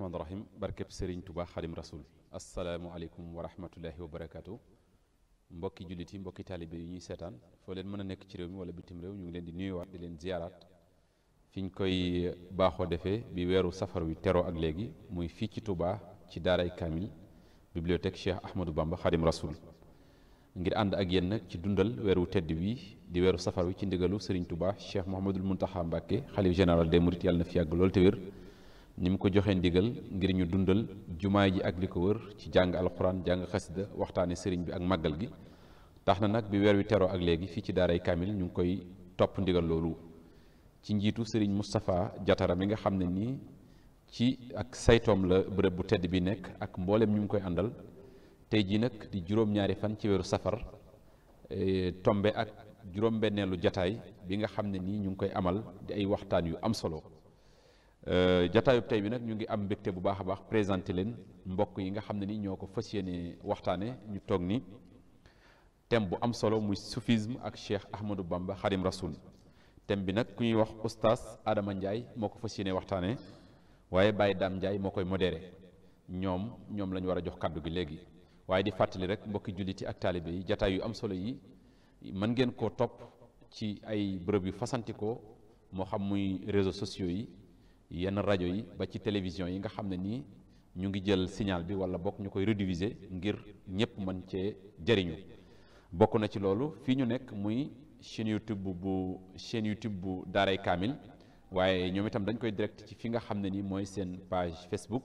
rahmaani rahim barkeb Serigne Touba Xadim Rasoul asalaamualeykum wa rahmatullahi wa barakaatu mbokki jullit yi mbokki taalibe yi ñuy seetaan foo leen mën a nekk ci réew mi wala bitim réew ñu ngi leen di nuyuwaat di leen ziyaaraat fi ñu koy baaxoo defee bi weeru safar wi teroo ak léegi muy fii ci Touba ci daaray Kamil bibliothèque Cheikh Ahmadou Bamba Xadim Rasoul ngir ànd ak yéen nag ci dundal weeru tedd wi di weeru safar wi ci ndigalu Serigne Touba Cheikh Mouhamadul Mountakha Mbacké xalif général des Mourides yàlla na fi yàgg lool te wér ñu mu ko joxe ndigal ngir ñu dundal jumaa ji ak li ko wër ci jàng alxuraan jàng xasida waxtaane sëriñ bi ak màggal gi tax na nag bi weer wi teroo ak léegi fii ci daaray Kamil ñu ngi koy topp ndigal loolu ci njiitu sëriñ Moustapha Jatara mi nga xam ne nii ci ak saytoom la bërëb bu tedd bi nekk ak mboolem ñu ngi koy àndal tey jii nag di juróom-ñaari fan ci weeru safar e, tombe ak juróom-benneelu jataay bi nga xam ne nii ñu ngi koy amal di ay waxtaan yu am solo Euh, jataayub tey bi nag ñu ngi am mbégte bu baax a baax présenté leen mbokk yi nga xam ne ni ñoo ko fas yéene waxtaane ñu toog ni thème bu am solo muy soufisme ak Cheikh Ahmadou Bamba Xadim Rasoul thème bi nag ku ñuy wax oustaz Adama Ndiaye moo ko fas yéene waxtaane waaye bàyyi Dame Ndiaye moo koy modéré ñoom ñoom la ñu war a jox kàddu gi léegi waaye di fàttali rek mbokki julliti ak taalibe yi jataay yu am solo yi man ngeen koo topp ci ay bërëb yu fasantikoo moo xam muy réseaux sociaux yi yenn rajo yi ba ci télévision yi nga xam ne nii ñu ngi jël signal bi wala bokk ñu koy rediviser ngir ñëpp mën cee jëriñu bokk na ci loolu fii ñu nekk muy chaîne YouTube bu chaîne YouTube bu Daaray Kaamil waaye ñoom itam dañ koy direct ci fi nga xam ne nii mooy seen page Facebook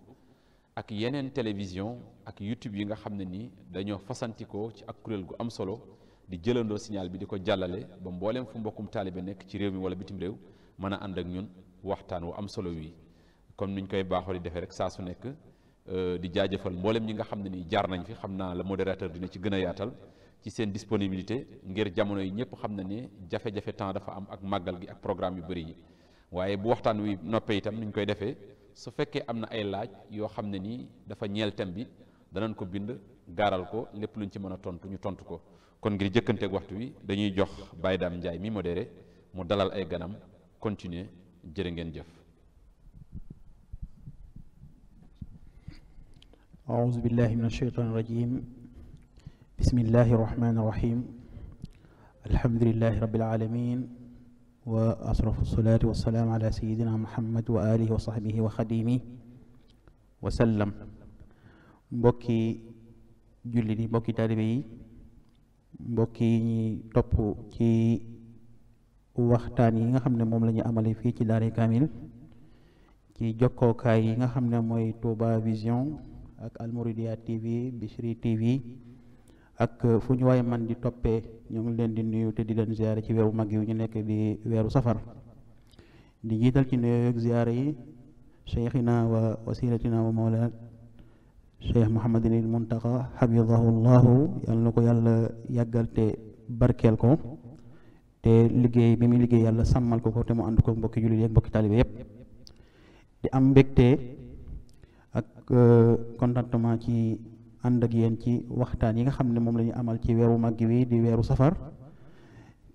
ak yeneen télévision ak YouTube yi nga xam ne nii dañoo fasantikoo ci ak kuréel gu am solo di jëlandoo signal bi di ko jàllale ba mbooleem fu mbokkum taalibe nekk ci réew mi wala bitim réew mën a ànd ak ñun waxtaan wu am solo wi comme niñ koy baaxoo di defee rek saa su nekk euh, di jaajëfal mboolem ñi nga xam ne nii jaar nañ fi xam naa la modérateur dina ci gën a yaatal ci seen disponibilité ngir jamono yi ñëpp xam na ne jafe-jafe temps dafa am ak màggal gi ak programme yu bëri yi waaye bu waxtaan wi noppee itam niñ koy defee su fekkee am na ay laaj yoo xam ne nii dafa ñeel thème bi danañ ko bind gaaral ko lépp luñ ci mën a tontu ñu tontu ko kon ngir jëkkanteeg waxtu wi dañuy jox Baye Dame Ndiaye mi modéré mu dalal ay ganam continuer jërë ngeen jëf أعوذ بالله من الشيطان الرجيم بسم الله الرحمن الرحيم الحمد لله رب العالمين وأصرف الصلاة والسلام على سيدنا محمد وآله وصحبه وخديمه وسلم mbokki julli di mbokki taalibe yi كي waxtaan yi nga xam ne moom la ñu amale fii ci Daaray Kamil ci jokkookaay yi nga xam ne mooy Touba Vision ak Almouridia TV Bichri TV ak fu ñu waaye man di toppee ñu ngi leen di nuyu te di leen ziare ci weeru mag yi ñu nekk di weeru safar di jiital ci nuyoo ak ziare yi cheikhina wa wasilatina wa mawla cheikh Mouhamadinil Muntaqa xafidahu llahu yal na ko yàlla yàggal te barkeel ko te liggéey bi mi liggéey yalla samal ko ko te mu ànd ko mbokki julit yi mbokk mbokki yépp di am mbégte ak e, contentement ci and ak yeen ci waxtaan yi nga xam mom lañu amal ci wéru maggi wi di wéru safar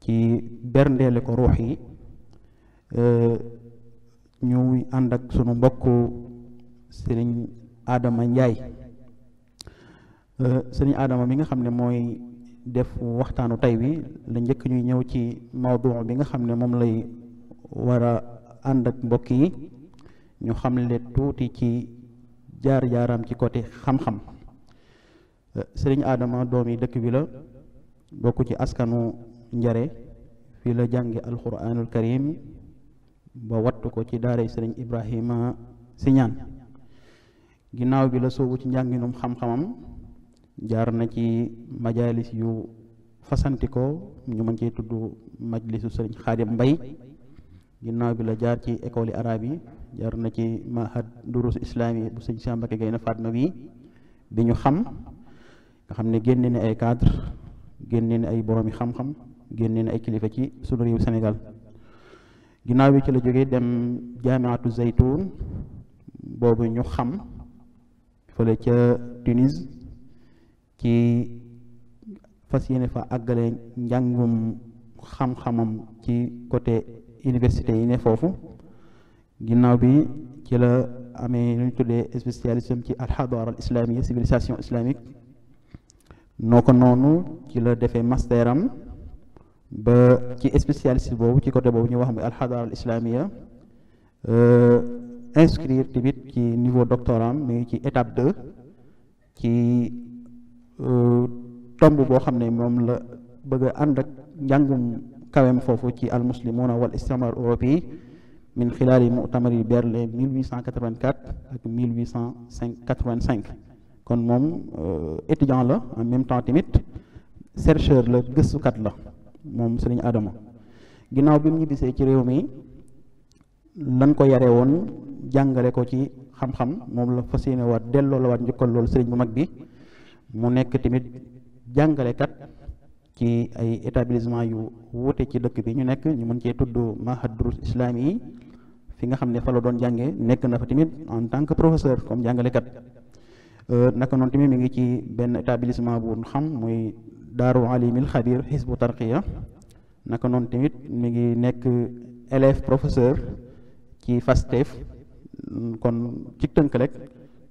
ci berndeele ko ruhi euh ñu and ak suñu mbokk serigne Adama euh serigne Adama mi nga xam moy def waxtanu tay bi la ñëk ñuy ñëw ci mawduu bi nga xamne ne lay wara and ak mbokk yi ñu xamle tuuti ci jaar-jaaram ci côté xam-xam euh, serigne Adama doomi dekk bi la bokku ci askanu njaré fi la jàngi alquranul karim ba wattu ko ci sering serigne Ibrahima siñan ginaaw bi la soobu ci njànginum xam-xamam jaar na ci majalis yu fasantikoo ñu mën cee tudd majlisu sëriñ xaadim mbay ginnaaw bi la jaar ci école yi arab yi jaar na ci mahad durus islami bu sëñ Samba Mbakke Gaynde Fatma bi bi ñu xam nga xam ne génne ne ay cadre génne ne ay boroomi xam-xam génne ne ay kilifa ci sunu réew Sénégal ginnaaw bi ci la jógee dem jaamiatu zaytun boobu ñu xam fële ca Tunis ci fasiyene fa agale njangum njàngum xam-xamam ci côté université yi ne fofu ginnaw bi ci la amé ñu tuddé spécialisme ci al-hadara al islamiyya civilisation islamique noko nonu ci la défé masteram ba ci spécialiste bobu ci côté bobu ñu wax al-hadara al islamiyya euh inscrire tibit ci niveau doctorat mais ci étape 2 ci tomb bo xamne mom la bëgg ànd ak jangum kawem fofu ci al muslimuna wal istimar européi min khilal mu'tamar Berlin 1884 ak 1885 kon mom étudiant la en même temps timit chercheur la gessu kat la mom serigne Adama ginaaw bi mu ñibbisee ci réew mi lan ko yare won jàngale ko ci xam-xam mom la fas wat waat la wat njukkal lol serigne bu mag bi mu nekk tamit jàngalekat ci ay établissement yu wuute ci dëkk bi ñu nekk ñu mën cee tudd mahad durus islaami yi fi nga xam ne fa la doon jànge nekk na fa tamit en tant que professeur comme jàngalekat euh, naka noon tamit mi ngi ci benn établissement bu xam muy daaru alimil xabir xisbu tarqiya naka noon tamit mu ngi nekk élève professeur ci FASTEF kon ci tënk rek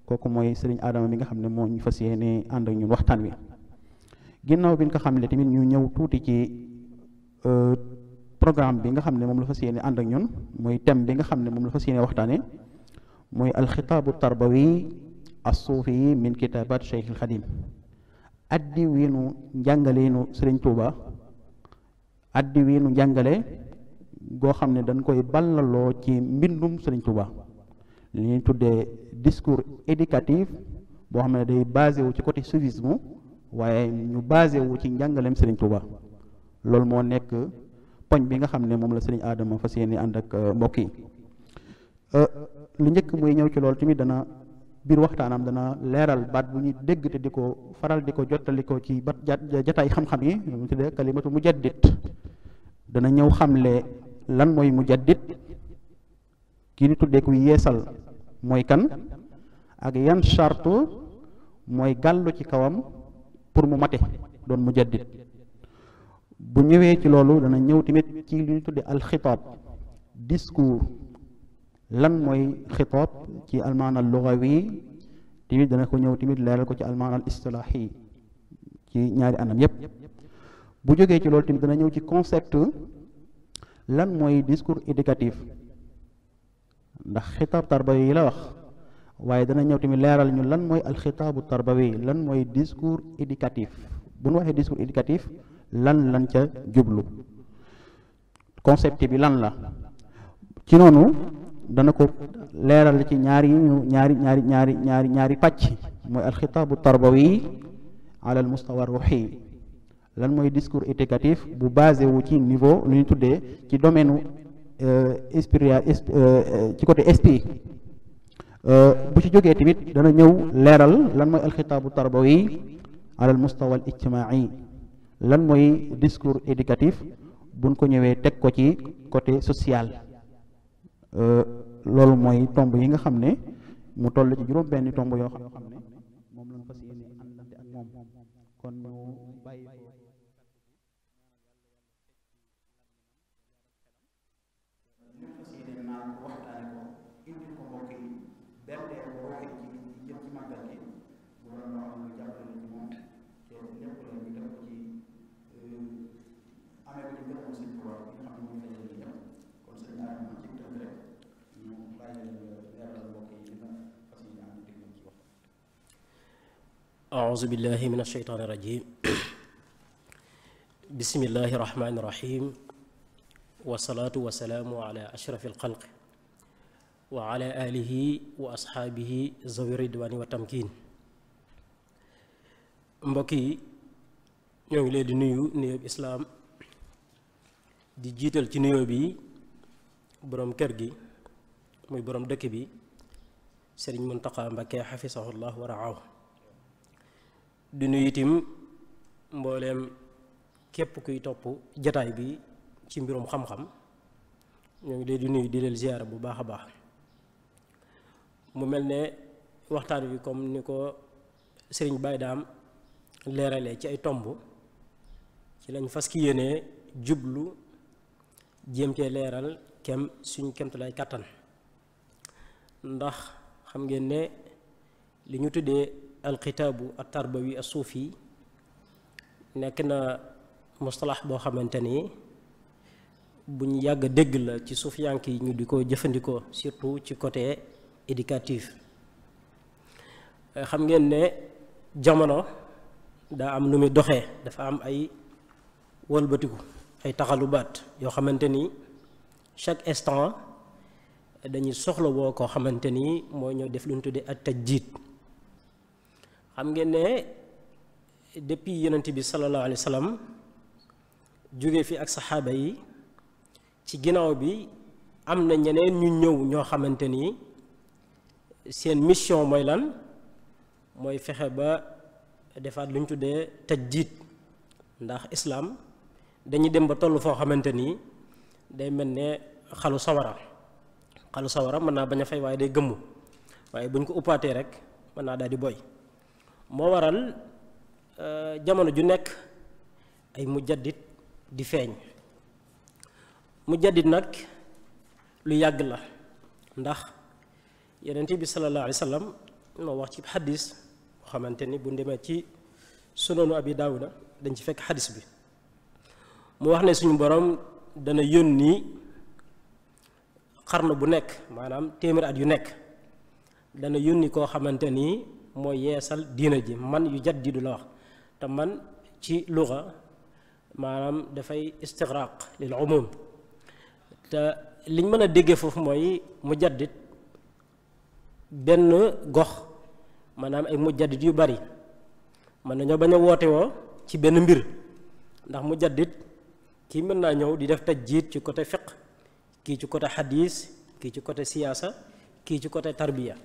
koku moy serigne aadama mi nga xamne mo ñu fasiyene and ak ñun waxtan wi ginnaw biñ ko xam tamit ñu ñew tuti ci euh, programme bi nga xamne ne la fasiyene and ak ñun moy thème bi nga xamne ne moom la fas yéene waxtaane mooy alxitaabu tarbawi as-sufi min shaykh al-khadim addi wiinu nu serigne touba addi wiinu njàngale goo xam dañ koy ballalo ci mbindum serigne touba li discours éducatif boo xam ne day basé wu ci côté soufisme waaye ñu basé wu ci njàngaleem Serigne Touba loolu moo nekk poñ bi nga xam ne moom la Serigne Adama fa yéene ànd ak euh, mbokk yi euh, lu njëkk muy ñëw ci loolu tamit dana biir waxtaanam dana leeral baat bu ñuy dégg te di ko faral di ko jottali ko ci bat jataay xam-xam yi mu tuddee kalimatu mujaddid dana ñëw xamle lan mooy mujaddid kii di tuddee ku yeesal mooy kan ak yan sartu mooy gàllu ci kawam pour mu mate doon mu jaddit bu ñëwee ci loolu dana ñëw tamit ci li ñu tudde alxitaab discours lan mooy xitaab ci almaanal lugawi tamit dana ko ñëw tamit leeral ko ci almaanal istilaahi ci ñaari anam yépp bu jógee ci loolu tamit dana ñëw ci concept lan mooy discours éducatif ndax xitaab tarbawi yi la wax waaye dana ñëw tamit leeral ñu lan mooy alxitaabu tarbawi lan mooy discours éducatif bu nu waxee discours éducatif lan lan ca jublu concept bi lan la ci noonu dana ko leeral ci ñaari ñu ñaari ñaari ñaari ñaari ñaari pàcc mooy alxitaabu tarbawi ala al mustawa ruuxi lan mooy discours éducatif bu basé wu ci niveau lu ñu tuddee ci domaine Euh, inspiria euh, euh, ci côté esprit bu ci jógee tamit dana ñëw leeral lan mooy alxitaabu tarbawi alal mustawa al ijtimaai lan mooy discours bu buñ ko ñëwee teg ko ci côté social loolu mooy tomb yi nga xam ne mu toll ci juróom benn tomb yoo xam ne أعوذ بالله من الشيطان الرجيم بسم الله الرحمن الرحيم والصلاة والسلام على أشرف الخلق وعلى آله وأصحابه ذوي الردوان والتمكين مبكي نيو لي دي نيو اسلام دي جيتال تي نيو بي بروم كيرغي موي بروم دك بي سيرن منتقى مبكي حفظه الله ورعاه di nuyu itam mbooleem képp kuy topp jataay bi ci mbirum xam-xam ñoo ngi leen di nuyu di leen ziyaara bu baax a baax mu mel ne waxtaan wi comme ni ko sëriñ Baye Daam leeralee ci ay tomb ci lañ fas ki yéenee jublu jéem cee leeral kem suñ kemtalaay kàttan ndax xam ngeen ne li ñu tuddee alxitaabu atarbawi assuufi nekk na mustalax boo xamante ni bu ñu yàgg a dégg la ci suufiyank yi ñu di ko jëfandikoo surtout ci côté éducatif xam ngeen ne jamono daa am lu muy doxee dafa am ay wëlbatiku ay taxalubaat yoo xamante ni chaque instant dañuy soxla woo koo xamante ni mooy ñoo def lu ñu tuddee ak tajdiid xam ngeen ne depuis yonent bi sallallahu alayhi wasallam sallam jóge fi ak saxaaba yi ci ginaaw bi am na ñeneen ñu ñëw ñoo xamante ni seen mission mooy lan mooy fexe ba defaat luñ ñu tajjid ndax islam dañuy dem ba toll foo xamante ni day mel ne xalu sawara xalu sawara mën naa bañ a fay waaye day gëmm waaye buñ ko uppaatee rek mën naa daal di boy moo waral euh, jamono ju nekk ay mujaddit di feeñ mujaddit nag lu yàgg la ndax yonent bi sallallahu alayhi wa moo wax ci xadis boo xamante ni bu ndemee ci sunanu abi na dañ ci fekk xadis bi mu wax ne suñu boroom dana yónni xarnu bu nekk maanaam téeméer at yu nekk dana yónni koo xamante nii mooy yeesal diina ji man yu du la wax te man ci luga maanaam dafay istigraq lil umum te liñ mën a déggee foofu mooy mu jaddit benn gox maanaam ay mu yu bari mën nañoo bañ a woote woo ci benn mbir ndax mu jaddit kii mën naa ñëw di def jiit ci côté fiqh kii ci côté xadiis kii ci côté siyaasa kii ci côté tarbiya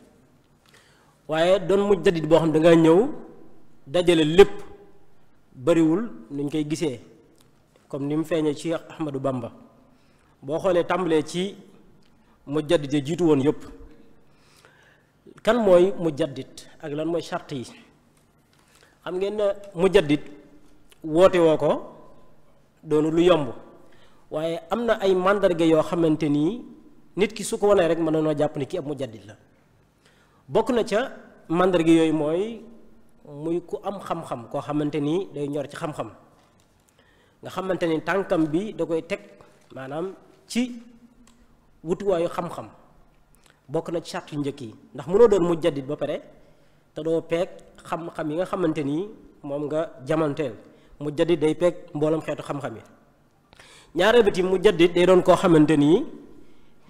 don mu jadid bo xam da nga ñew dajale bari wul niñ koy gisé comme nim feñé ci Ahmadou Bamba bo xolé tambalé ci mujtahid yi ya jitu won yop kan mu jadid ak lan moy charte yi xam ngeen na mu jadid woo woko donu lu yomb waye amna ay mandarga yo xamanteni nit ki suko ko rek mën na ni ki ab jadid la bokk na ca màndarga yooyu mooy muy ku am xam-xam koo xamante ni day ñor ci xam-xam nga xamante ni tànkam bi da koy teg maanaam ci wutuwaayu xam-xam bokk na ci sart njëkk yi ndax mënoo doon mu jaddit ba pare te doo peeg xam-xam yi nga xamante ni moom nga jamanteel mu jaddit day peeg mboolam xeetu xam-xam yi ñaareel bi mu jaddit day doon koo xamante ni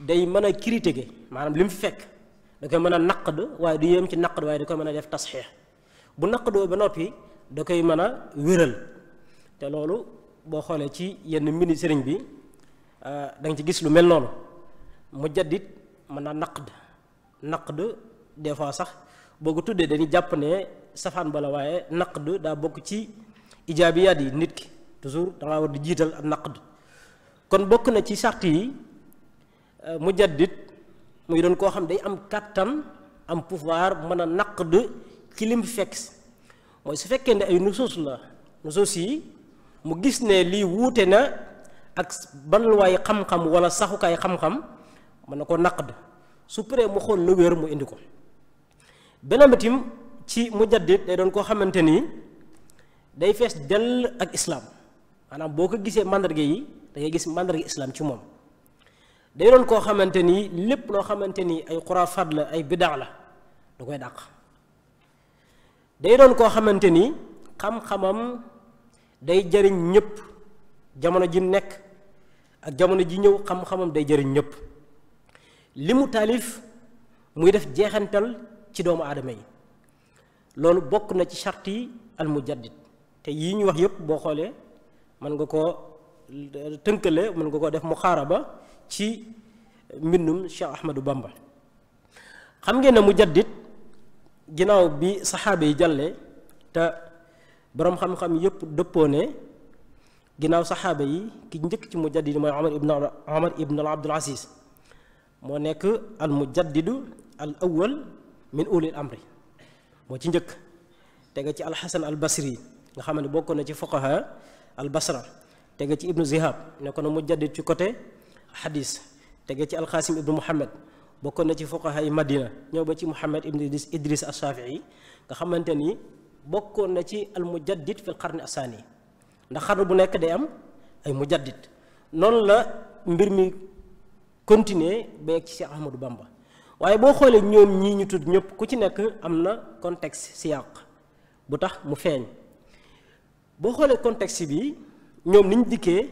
day mën a critiquer maanaam li fekk. da koy mëna naqd way du yem ci naqd way da koy mëna def tasxiix bu naqdoo ba nopi da koy mëna wëral té te loolu bo xoolee ci yenn mini sëriñ bi euh, da nga ci gis lu mel non mu jaddit mëna naqd naqd des fois sax boo ko tuddee dañuy jàpp ne safaan bala waaye naqd da bok ci ijaabiyaat yi nit ki toujours da nga wara di jital ak naqd kon bok na ci sart yi euh, mu jaddit muy don ko xam day am katan am pouvoir meuna a naqd ci lim fex moy su fekke ne ay nusus la nusus yi mu gis ne li wute na ak banluwaay xam-xam wala kay xam-xam mën ko naqd su paree mu xol lu wer mu indi ko beneen bitim ci jaddit day don ko xamanteni day fess del ak islam maanaam boko gisee mandarga yi da ngay gis mandarga islam ci mom day doon koo xamante ni lépp loo xamante ni ay xuraafaat la ay bidaa la da koy dàq day doon koo xamante ni xam-xamam day jariñ ñépp jamono ji nekk ak jamono ji ñëw xam day jariñ ñëpp li mu taalif muy def jeexantal ci doomu aadama yi loolu bokk na ci charte yi al mujaddid te yii ñu wax yëpp boo xoolee mën nga koo tënkale mën nga koo def mu xaaraba ci mbindum Cheikh Ahmadou Bamba xam ngeen ne mujaddid ginnaaw bi saxaaba yi jàlle te boroom xam-xam yépp dëppoo ne ginnaaw saxaaba yi ki njëkk ci mujaddid mooy Omar ibn Omar ibn Abdul Aziz moo nekk al mujaddidu al awwal min ulil amri moo ci njëkk tega ci alxasan al basri nga xam ne bokk na ci fuqaha al basra tega ci ibnu zihab nekkoon na mujaddid ci côté xadis tege ci alxaasim ibnu muhammad bokkoon na ci fuqaha yi madina ñëw ba ci muhammad ibnu idris idris ashafii nga xamante ni bokkoon na ci al mujaddid fi l xarni asaani ndax xarn bu nekk day am ay mujaddid noonu la mbir mi continuer ba yegg ci Cheikh Ahmadou Bamba waaye boo xoolee ñoom ñii ñu tudd ñëpp ku ci nekk am na contexte siyaq bu tax mu feeñ boo xoolee contexte bi ñoom niñ dikkee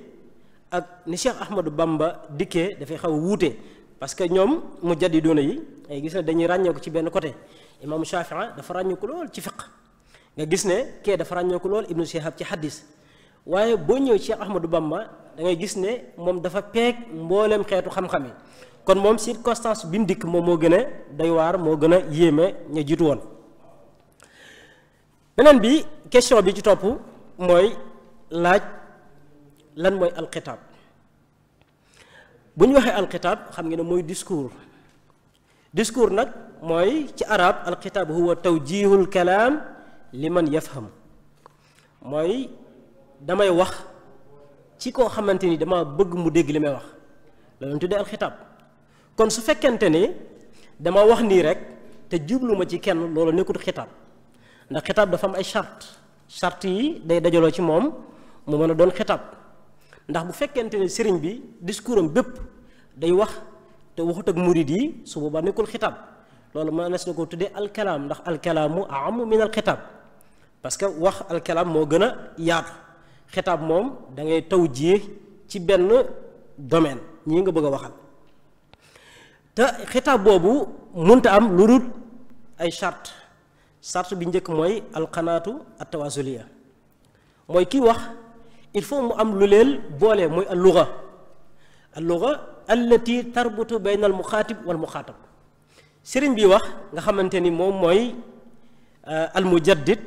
ak ni Cheikh Ahmadou Bamba da fay xaw wouté parce que ñom mu jaddi doona yi ay gis na dañuy ràññeeku ci ben côté imam Shafia dafa ràññeeku lool ci fiqh nga gis ne da dafa ràññeeku lool ibnu Shihab ci xaddis waaye boo ñëw Cheikh Ahmadou Bamba da ngay gis ne moom dafa peeg mbooleem xeetu xam-xam kon mom circonstance bi mu mom mo gëna day war mo gëna yéme ñi jitu won benen bi question bi ci top moy laaj lan mooy alxitaab bu ñu waxee alxitaab xam ngeen ne mooy discours discours nag mooy ci arab alxitaab huwa tawjihul kalam, liman yafham mooy damay wax ci koo xamante ni dama bëgg mu dégg li may wax loolu tuddee alxitaab kon su fekkente ni dama wax nii rek te jubluma ci kenn loolu nekkut xitaab ndax xitaab dafa am ay charte charte yi day dajaloo ci moom mu mën a doon xitaab ndax bu fekkente ne sëriñ bi diskuuram bépp day wax te waxut ak murid yi su ba nekkul xitaab loolu ma na ko tuddee alkalaam ndax alkalaamu aamu min alxitaab parce que wax alkalaam moo gën a yaatu xitaab moom da ngay taw jii ci benn domaine ñi nga bëgg a waxal te xitaab boobu munta am lu dul ay charte charte bi njëkk mooy alqanaatu attawasuliya mooy kii wax il faut mu am lu moy al-lugha al-lugha allati tarbutu bayna al mukhatib wal mukhatab serigne bi wax nga xamanteni mom moy al mujaddid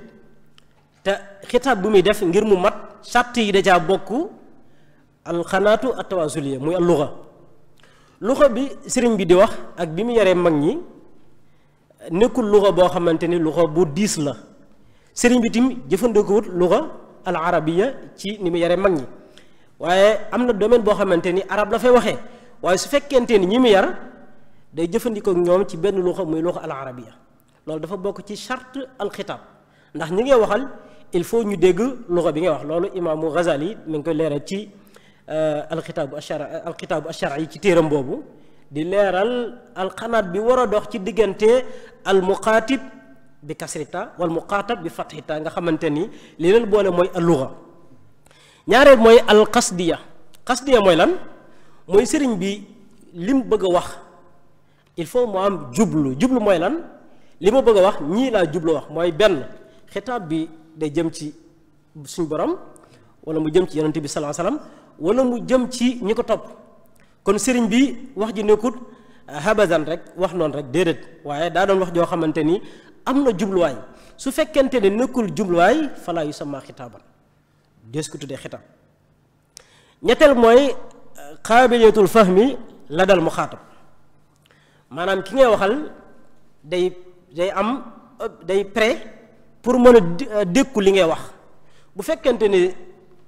ta khitab bu mi def ngir mu mat sàtt yi deja bokku al dajaa at-tawasuliyya moy al-lugha lugha bi serigne bi di wax ak bi mi yare mag ñi nekul lugha bo xamanteni lugha bu dis la serigne bi tim wut lugha al arabiya ci ni mu yare mag ñi waaye am na domaine boo xamante ni arab la fay waxee waaye su fekkente ni ñi mu yar day jëfandikoo ñoom ci benn luxa muy luxa al arabiya loolu dafa bokk ci charte al xitaab ndax ñi ngay waxal il faut ñu dégg luxa bi ngay wax loolu imaamu Ghazali mi ngi koy leeral ci al xitaabu achar al xitaabu achar yi ci téeram boobu di leeral al xanaat bi war a dox ci diggante al muqaatib bi kasrita wal muqatab bi fathita nga xamanteni ni li leen boole mooy alluga ñaareel al qasdiya qasdiya moy lan moy serigne bi lim bëgg wax il faut mo am jublu jublu moy lan lima bëgg wax ñi la jublu wax moy ben khitab bi day jëm ci suñu borom wala mu jëm ci yaronte bi alayhi wasallam wala mu jëm ci ñiko top kon serigne bi wax ji nekut wah rek wax non rek dedet waye da doon wax jo xamanteni am na jubluwaay su fekente ne nekul jubluwaay falaa yu sama xitaaban des ko tude khitab ñettel moy eh, qabiliyatul fahmi la dal Manam xaatab ki ngay waxal day day am eh, day pre, pour mën dekk eh, li ngay wax bu fekente ne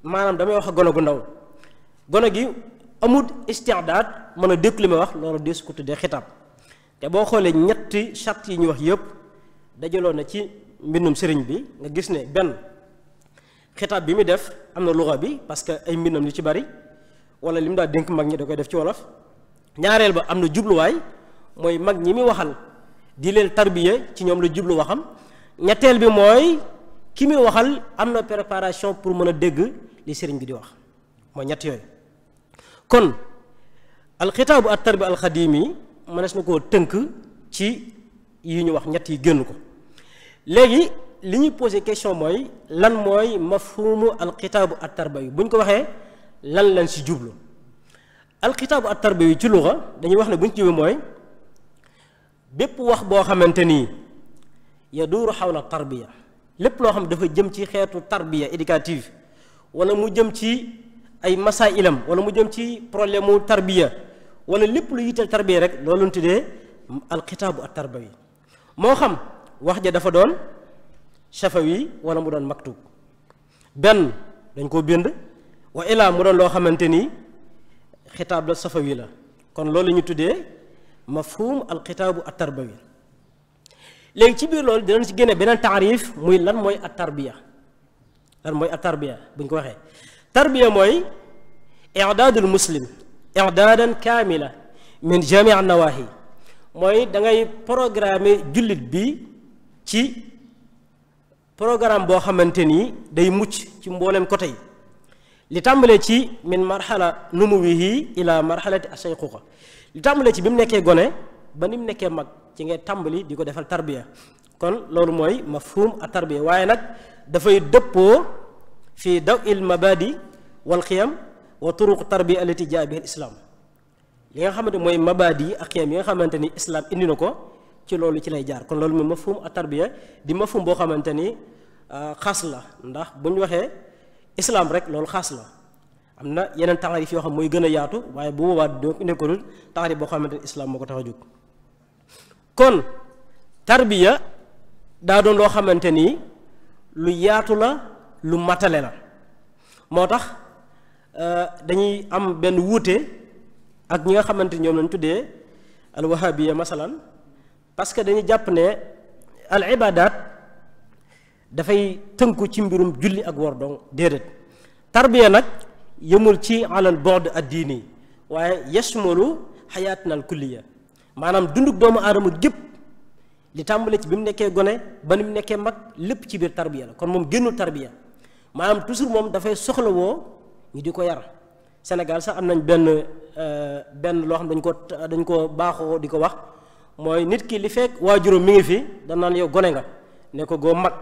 manam damay wax gono gu ndaw gono gi amul istiadaat mën dekk li may wax lolu des ko tude khitab te bo ñetti chat yi ñu wax yépp dajaloon na ci mbindum sëriñ bi nga gis ne benn xitaab bi muy def am na luxa bi parce que ay mbindam lu ci bari wala li mu daa dénk mag ñi da koy def ci wolof ñaareel ba am na jubluwaay mooy mag ñi muy waxal di leen tarbiye ci ñoom la jublu waxam ñetteel bi mooy ki muy waxal am na préparation pour mën a dégg li sëriñ bi di wax mooy ñett yooyu kon alxitaabu at tarbi alxadimi mënees na ko tënk ci yi ñu wax ñett yi génn ko léegi li ñuy posé question mooy lan mooy mafhumu alxitaabu at tarbawi bu ñu ko waxee lan lañ si jublu alxitaabu at tarbawi ci luxa dañuy wax ne bu ñu ci mooy bépp wax boo xamante nii yaduuru na tarbiya lépp loo xam dafa jëm ci xeetu tarbiya éducative wala mu jëm ci ay masa ilam wala mu jëm ci problème mu tarbiya walla lépp lu yitteel tarbiya rek loolu ñu tuddee alxitaabu at tarbawi moo xam wax ja dafa doon shafawi wala mu doon maktub benn dañ koo bind wa ilaa mu doon loo xamante ni xitaab la safawi la kon loolu ñu tuddee mafhum al xitaabu at tarbawi léegi ci biir loolu dinañ ci génne beneen taarif muy lan mooy at tarbiya lan mooy at tarbiya bu ñu ko waxee tarbiya mooy i'daadul muslim i'daadan kaamila min jamii an nawaahi mooy da ngay programmer jullit bi ci programme boo xamante ni day mucc ci mboolem côté yi li tàmbalee ci min marxala numuwihi ila marxalati ashayquqa li tàmbalee ci bi mu nekkee gone ba ni mu nekkee mag ci ngay tàmbali di ko defal tarbiya kon loolu mooy mafhum a tarbiya waaye nag dafay dëppoo fii daw il mabadi wal xiyam wa turuq tarbiya allati jaa biha al islam li nga xamante mooy mabadi ak xiyam yi nga xamante ni islam indi na ko ci loolu ci lay jaar kon loolu mooy mafhum atarbiya di mafhum bo xamanteni khas euh, la ndax buñ waxe islam rek loolu khas la Amna yenen yeneen yo xam moy gëna yaatu waye bu boobaa ko bo xamanteni islam moko taxaju kon tarbiya da doon lo xamanteni lu yaatu la lu matale la motax euh, dañuy am ben wuté ak ñi nga xamanteni ñom lañ tuddé al wahhabiyya masalan parce que dañu jàpp ne al ibadat dafay tënku ci mbirum julli ak wor dong déedéet tarbiya nag yëmul ci alal bord ad diini waaye yashmulu xayaatina al kulliya maanaam dunduk doomu aadama gépp li tàmbale ci bi mu nekkee gone ba ni mu nekkee mag lépp ci biir tarbiya la kon moom génnul tarbiya maanaam toujours moom dafay soxlawoo ñu di ko yar Sénégal sax am nañ benn euh, benn loo xam dañ ko dañ ko baaxoo di ko wax mooy nit kii li fekk waajuram mi ngi fi danaan yow gone nga ne ko goo mag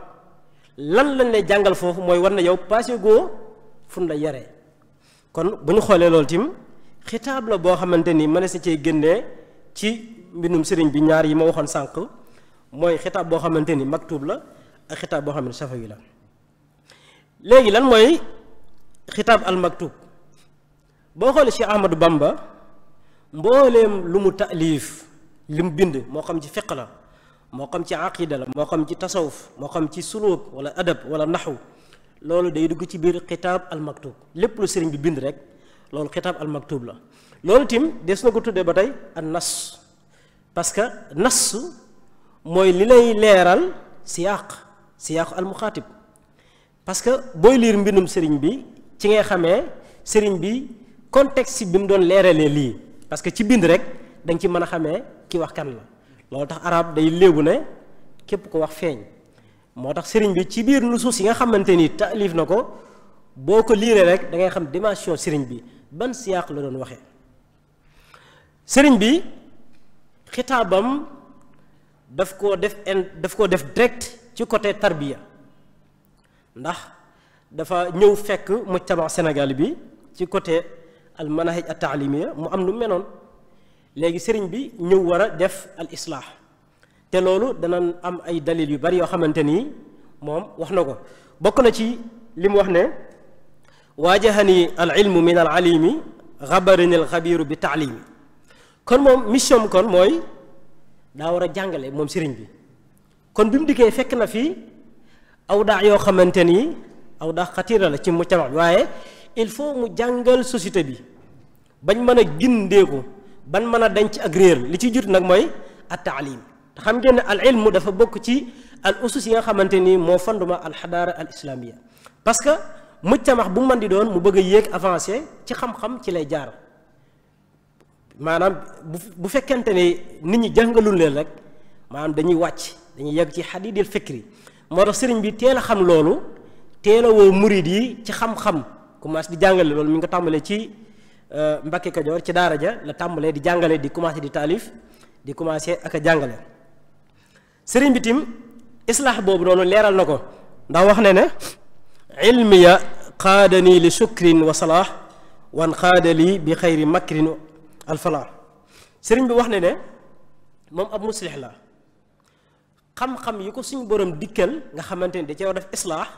lan lañ lay jàngal foofu mooy war na yow passé goo fun la yare kon bu ñu xoolee loolu tim xitaab la boo xamante ni mën na si cee génnee ci mbindum sëriñ bi ñaar yi ma waxoon sànq mooy xitaab boo xamante ni maktuub la ak xitaab boo xam ne safa wi la léegi lan mooy xitaab al maktuub boo xoolee Cheikh Ahmadou Bamba mbooleem lu mu lim bind moo xam ci feq la moo xam ci aqida la moo xam ci tasawuf moo xam ci suluk wala adab wala naxu loolu day dugg ci biir xitaab al maktub lépp lu sëriñ bi bind rek loolu xitaab al maktub la loolu tim des na ko tuddee ba tey an nas parce que nas mooy li lay leeral siyaaq siyaaqu al muxaatib parce que booy liir mbindum sëriñ bi ci ngay xamee sëriñ bi contexte bi mu doon leeralee lii parce que ci bind rek dañ ci mën a xamee ki wax kan la loolu tax arab day léebu ne képp ko wax feeñ moo tax sëriñ bi ci biir nusuus yi nga xamante ni taalif na ko boo ko liiree rek da ngay xam dimension sëriñ bi ban siyaaq la doon waxee sëriñ bi xitaabam daf koo def en daf koo def direct ci côté tarbiya ndax dafa ñëw fekk mu tabax Sénégal bi ci côté al manahij at taalimiya mu am lu menoon léegi sëriñ bi ñëw war a def al islaax te loolu danañ am ay dalil yu bari yoo xamante nii moom wax na ko bokk na ci li mu wax ne waajahani al ilmu min al alimi xabarini al xabiru bi taalimi kon moom mission am kon mooy daa war a jàngale moom sëriñ bi kon bi mu dikkee fekk na fi aw daax yoo xamante nii aw daax xatiira la ci mujtama bi waaye il faut mu jàngal société bi bañ mën a gindeeku ban mana a denc ak reer li ci jur nak moy at taalim xam ngeen al ilmu dafa bok ci al usus yi nga xamanteni mo fanduma al hadara al islamia parce que muccamax bu man di doon mu bëgg a avancer ci xam-xam ci lay jaar manam bu fekente ni nit ñi jàngalul leen rek manam dañuy wacc dañuy yegg ci hadidil fikri mo do sëriñ bi teel xam lolu teel wo woo yi ci xam-xam commencé di jangal lolu mi nga ci Euh, Mbacke Kajoor ci daara ja la tàmbalee di jàngale di commencé di taalif di commencé ak a jàngale sëriñ bi tim islaax boobu noonu leeral na ko ndax wax ne ne ilmiya xaadanii li shukrin wa salaax wan xaadalii bi xayri makrin alfalaax sëriñ bi wax ne ne moom ab muslix la xam-xam yi ko suñu borom dikkal nga xamante ni da cee war def islaax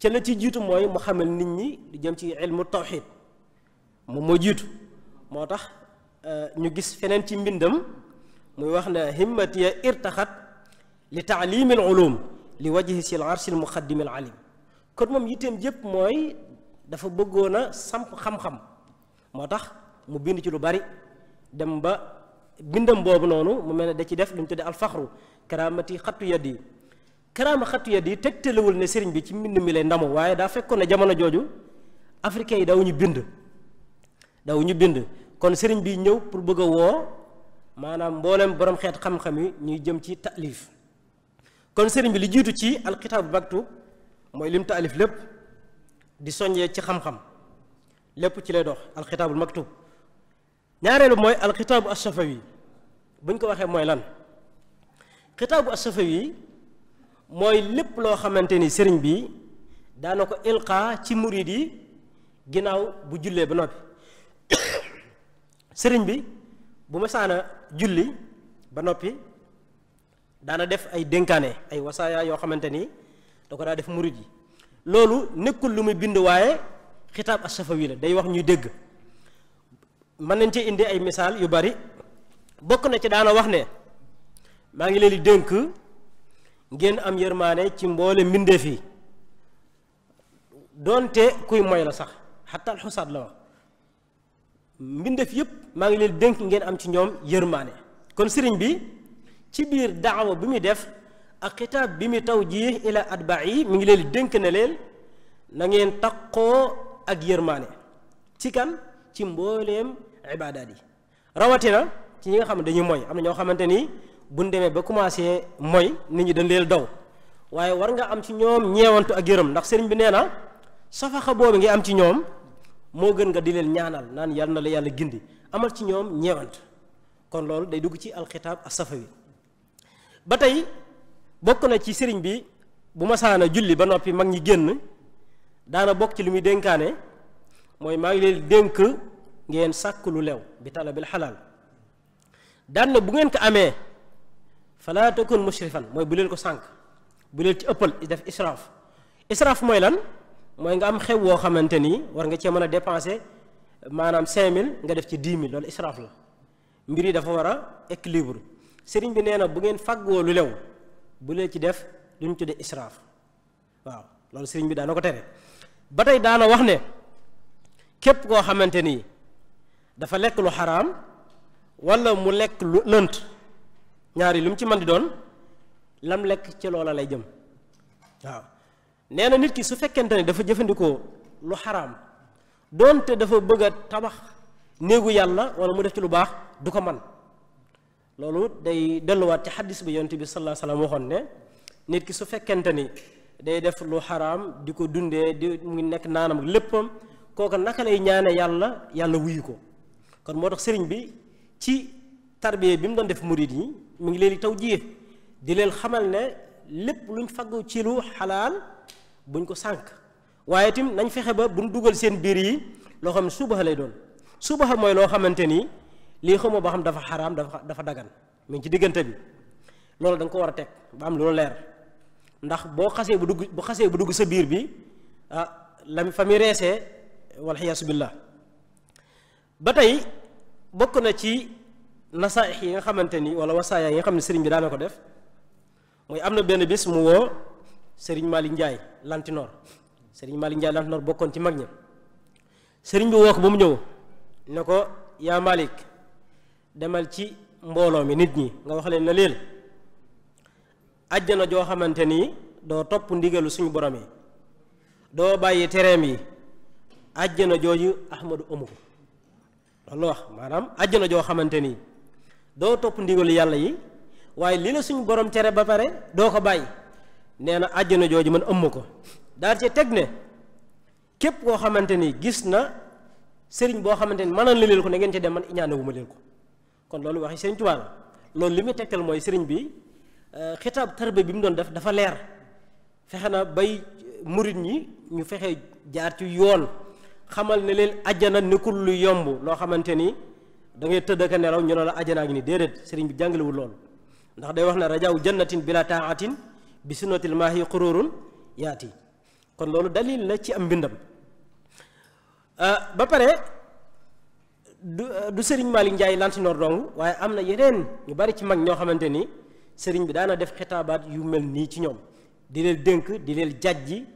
ca la ci jiitu mooy mu xamal nit ñi di jëm ci ilmu tawxiid moom moo jiitu moo tax euh, ñu gis feneen ci mbindam muy wax ne himmatiya irtaxat li taalimi al ulum li wajhi sil arsil muqaddim al alim kon moom yitteem yépp mooy dafa bëggoon a samp xam-xam moo tax mu bind ci lu bari dem ba bindam boobu noonu mu mel ne da ci def lu ñu tuddee alfaxru karaamati xattu yaddi karaama xattu teg tegtalewul ne sëriñ bi ci mbind mi lay ndamu waaye daa fekkoon ne jamono jooju africain yi daawuñu bind daw ñu bind kon sëriñ bi ñëw pour bëgg a woo maanaam mboolem boroom xeet xam-xam yi ñuy jëm ci taalif kon sëriñ bi li jiitu ci alxitaabu maktub mooy lim taalif lépp di soññee ci xam-xam lépp ci lay dox alxitaabul maktub ñaareelu mooy alxitaabu asafawi bu ñu ko waxee mooy lan xitaabu asafawi mooy lépp loo xamante ni sëriñ bi daana ko ilqa ci murid yi ginnaaw bu jullee ba noppi sëriñ bi bu ma saana julli ba noppi daana def ay dënkaane ay wasaaya yoo xamante ni da ko daa def murid yi loolu nekkul lu muy bind waaye xitaab as-safawi la day wax ñuy dégg mën nañ ci indi ay misaal yu bari bokk na ci daana wax ne maa ngi leen di dënk ngeen am yërmaane ci mboole mbindeef fii doonte kuy moy la sax xatta alxusaat la wax mbindeef yépp maa ngi leen dénk ngeen am ci ñoom yërmaane kon sëriñ bi ci biir daawa bi muy def ak xitaab bi muy taw jii ila atbaa yi mi ngi leen di dénk ne leen na ngeen taqoo ak yërmaane ci kan ci mbooleem ibaadaat yi rawatina ci ñi nga xam ne dañu moy am na ñoo xamante ni buñ demee ba commencé moy nit ñi dañ leen daw waaye war nga am ci ñoom ñeewantu ak yërëm ndax sëriñ bi nee na safaxa boobu nga am ci ñoom moo gën nga di leen ñaanal naan yal na la yàlla gindi amal ci ñoom ñeewant kon loolu day dugg ci alxitaab as-safawi ba tey bokk na ci sëriñ bi bu masaana julli ba noppi mag ñi génn daana bokk ci lu muy dénkaane mooy maa ngi leen dénk ngeen sàkk lu lew bi talabil xalaal daan na bu ngeen ko amee fala takun mushrifan mooy bu leen ko sànk bu leen ci ëppal def israaf israaf mooy lan moy nga am xew wo xamanteni war nga ci meuna dépenser manam 5000 nga def ci 10000 000 israf la mbiri dafa wara équilibre serigne bi neena bu ngeen faggo lu lew bu le ci def duñ tuddee israf waaw loolu serigne bi da nako tere batay da daana wax ne kep koo xamanteni dafa lek lu haram wala mu lek lu neunt ñaari lu ci man di doon lam lek ci loola lay jëm waaw nee na nit ki su fekkente ni dafa jëfandikoo lu xaraam doonte dafa bëgg a tabax néegu yàlla wala mu def ci lu baax du ko man loolu day delluwaat ci xaddis bi yonent bi sallallahu alayhi wasallam waxoon ne nit ki su fekkente ni day def lu xaraam di ko dundee di mu ngi nekk naanam léppam kooka naka lay ñaane yàlla yàlla wuyu ko kon moo tax sëriñ bi ci tarbiya bi mu doon def murid yi mu ngi leen taw jiir di leen xamal ne lépp luñ faggu ci lu xalaal buñ ko sank waye tim nañ fexé ba buñ dugal seen biir yi lo xam subha lay doon subha moy lo xamanteni li xamoo ba xam dafa haram dafa dafa dagan mi ci digënté bi loolu da ko wara tek ba am loolu leer ndax bo xasse bu dugg bu xasse bu dugg sa biir bi ah lam fami resé wal walxiyaasu billah batay bokku na ci nasaahi yi nga xamanteni wala wasaaya yi nga xamni serigne bi da na ko def moy amna bis mu wo Serigne Malick Ndiaye Lantinor Serigne Malick Ndiaye Lantinor bokon ci magni Serigne bi wax bu mu ñew nako ya Malick demal ci mbolo mi nit ñi nga wax leen na leel aljana jo xamanteni ni top ndigelu suñu borom yi do baye terem yi aljana joju Ahmadu amu Allah wax manam aljana jo xamanteni do top ndigelu yalla yi waye li la suñu borom tere ba pare do ko baye nee na àjjana jooju man ëmm ko daal ci teg ne képp koo xamante ni gis na sëriñ boo xamante ni mënaan la leen ko na ngeen ci dem man iñaane wu ma leen ko kon loolu waxi sëriñ Tuubaa la loolu li muy tegtal mooy sëriñ bi euh, xitaab tarbe bi mu doon def dafa leer fexe na bay murit ñi ñu fexe jaar ci yoon xamal ne leen ni nekkul lu yomb loo xamante ni da ngay tëdd ka nelaw ñu ne la ajjanaa ngi ni déedéet sëriñ bi jàngalewul loolu ndax day wax ne rajaaw jannatin bila taatin bi sunnatil maahi xuruurun yaati kon loolu dalil na ci am mbindam euh, ba pare du euh, sëriñ Malick Ndiaye lantinoor dong waaye am na yeneen ñu bari ci mag ñoo xamante ni sëriñ bi daana def xitaabaat yu mel nii ci ñoom di leen dénk di leen jàjji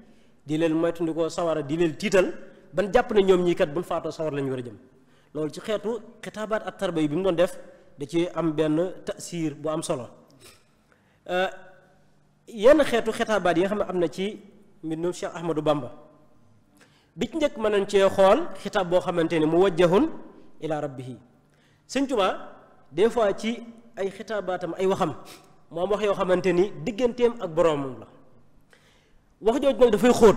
di leen moytandikoo sawara di leen tiital ban jàpp ne ñoom ñii kat buñ faatoo sawar lañu war a jëm loolu ci xeetu xitaabaat ak tarba bi mu doon def da ci am benn tasir bu am solo euh, yenn xeetu xitaabaat yi nga xam ne am na ci mbindum Cheikh Ahmadou Bamba bi ci njëkk mën nañ cee xool xitaab boo xamante ni mu wajjahun ila bi sëñ Tuubaa des fois ci ay xitaabaatam ay waxam moom wax yoo xamante ni digganteem ak boroomam la wax jooju nag dafay xóot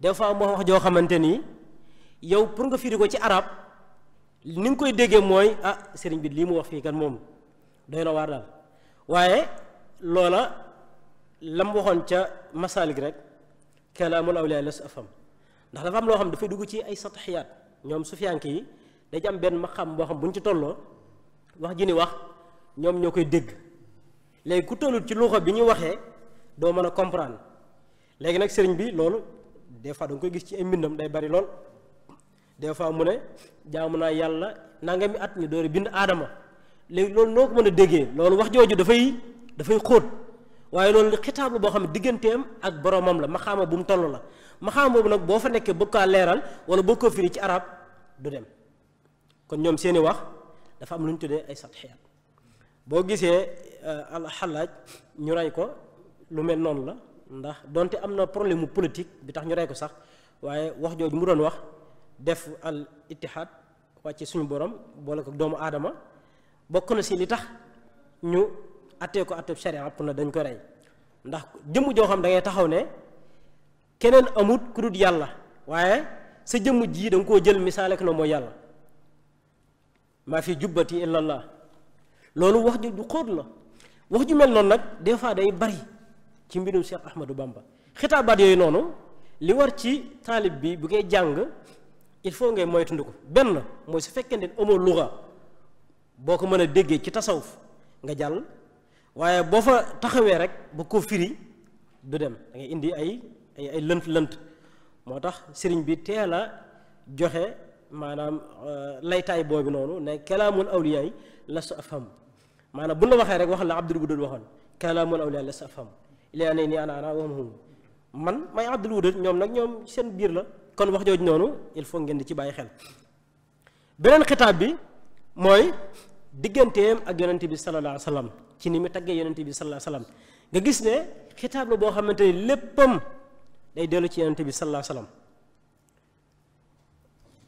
des fois moo wax joo xamante ni yow pour nga firi ko ci arab ni nga koy déggee mooy ah sëriñ bi lii mu wax fii kan moom doy na waar daal waaye loola lam waxoon ca masaalik rek kalaamul awliyaa la su fam ndax dafa am loo xam dafay dugg ci ay sataxiyaat ñoom sufiyank yi dañ am benn xam boo xam bu ñu ci tolloo wax ji ni wax ñoom ñoo koy dégg léegi ku tollut ci luuxa bi ñuy waxee doo mën a comprendre léegi nag sëriñ bi loolu des fois da koy gis ci ay mbindam day bari lool des fois mu ne jaamu naa yàlla nangami at ñu door bind aadama léegi loolu noo ko mën a déggee loolu wax dafay xóot waaye loolu xitaab la boo xam ne digganteem ak boromam la maxaama bu mu toll la maxaama boobu nag boo fa nekkee bëgg kaa leeral wala bëgg ko firi ci araab du dem kon ñoom seeni wax dafa am lu ñu tuddee ay satxiyaat boo gisee euh, alxalaaj ñu rey ko lu mel noonu la ndax donte am na problème mu politique bi tax ñu rey ko sax waaye wax jooju mu doon wax def al ittihaad wàcce suñu borom boole ko doomu aadama bokk na si li tax ñu atté ko atté sharia pour na dañ ko ray ndax jëm jo xam da ngay taxaw né kenen amut ku dut yàlla waaye sa jëm ji da ko jël misal ak no mo yalla ma fi illa allah lolu wax ju du la wax ju mel non nak des fois day bari ci mbirum cheikh ahmadou bamba khitabat yoy noonu li war ci talib bi bu ngay jang il faut ngay moy ko ben moy su fekkene luga boo ko ci tasawuf nga jall waaye boo fa taxawee rek ba ko firi du dem da indi ay ay lënt lënt moo tax sëriñ bi teela joxe maanaam euh, laytaay boobu noonu ne kalaamul awliyaa yi lastu afham maanaam bu la waxee rek wax la abdul wudud waxoon kalaamul awliyaa lastu afham ilaa ne nii ana ana wam hum man may abdul wudud ñoom nag ñoom seen biir la kon wax jooju noonu il faut ngeen di ci bàyyi xel beneen xitaab bi mooy digganteem ak yonente bi sallallahu alayhi wa ci ni mi tagge yonente bi alayhi wasallam nga gis ne kitab lo bo xamanteni leppam day delu ci yonente bi alayhi wasallam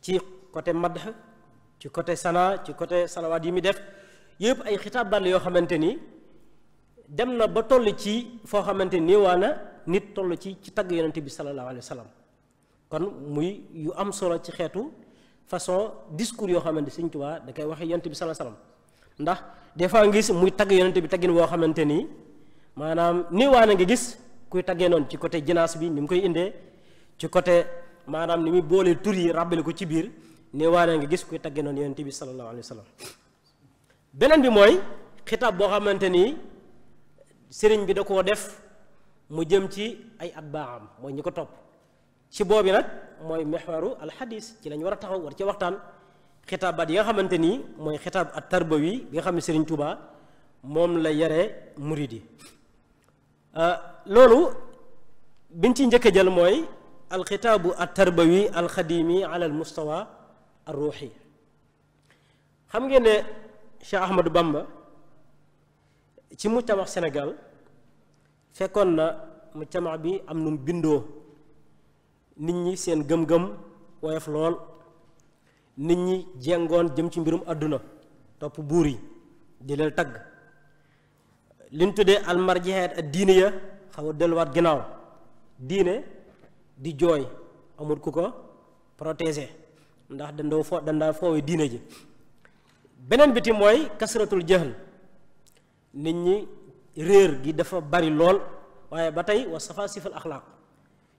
ci côté madh ci côté sana ci côté salawat yi mi def yep ay khitab baat yo xamanteni dem na ba toll ci fo xamanteni ni waana nit toll ci ci tagg bi alayhi kon muy yu am solo ci xeetu façon discours yo xamanteni sëñ tubaa da kay waxe yonente bi salallahu wasallam ndax des fois nga muy tagg yonent bi taggin woo xamante nii maanaam ni waa nga gis kuy taggee noonu ci côté jinaas bi ni mu koy indee ci côté maanaam ni muy boolee tur yi ràbbale ko ci biir ni waa na nga gis kuy taggee noonu yonent bi sallallahu alayhi wa beneen bi mooy xitaab boo xamante ni sëriñ bi da koo def mu jëm ci ay at atbaam mooy ñi ko topp ci boobi nag mooy mexwaru alxadis ci lañu war a taxaw war ci waxtaan xitaabaat yi nga xamante ni mooy xitaab at tarbawi bi nga xam ne Serigne Touba moom la yare murid yi euh, loolu biñ ci njëkk a jël mooy alxitaabu at tarbawi alxadimi ala al mustawa ar ruuxi xam ngeen ne Cheikh Ahmadou Bamba ci mu mujtamax senegal fekkoon na mu mujtamax bi am nu bindoo nit ñi seen gëm-gëm woyof lool nit ñi jengoon jëm ci mbirum àdduna topp buur yi di leen tagg li ñu tuddee almarjiheet ak diine ya xaw a delluwaat ginnaaw diine di jooy amul ku ko protéger ndax dandoo fo dandaa foowe diine ji beneen biti mooy kasratul jahl nit ñi réer gi dafa bari lool waaye ba tey wa safa sifal axlaaq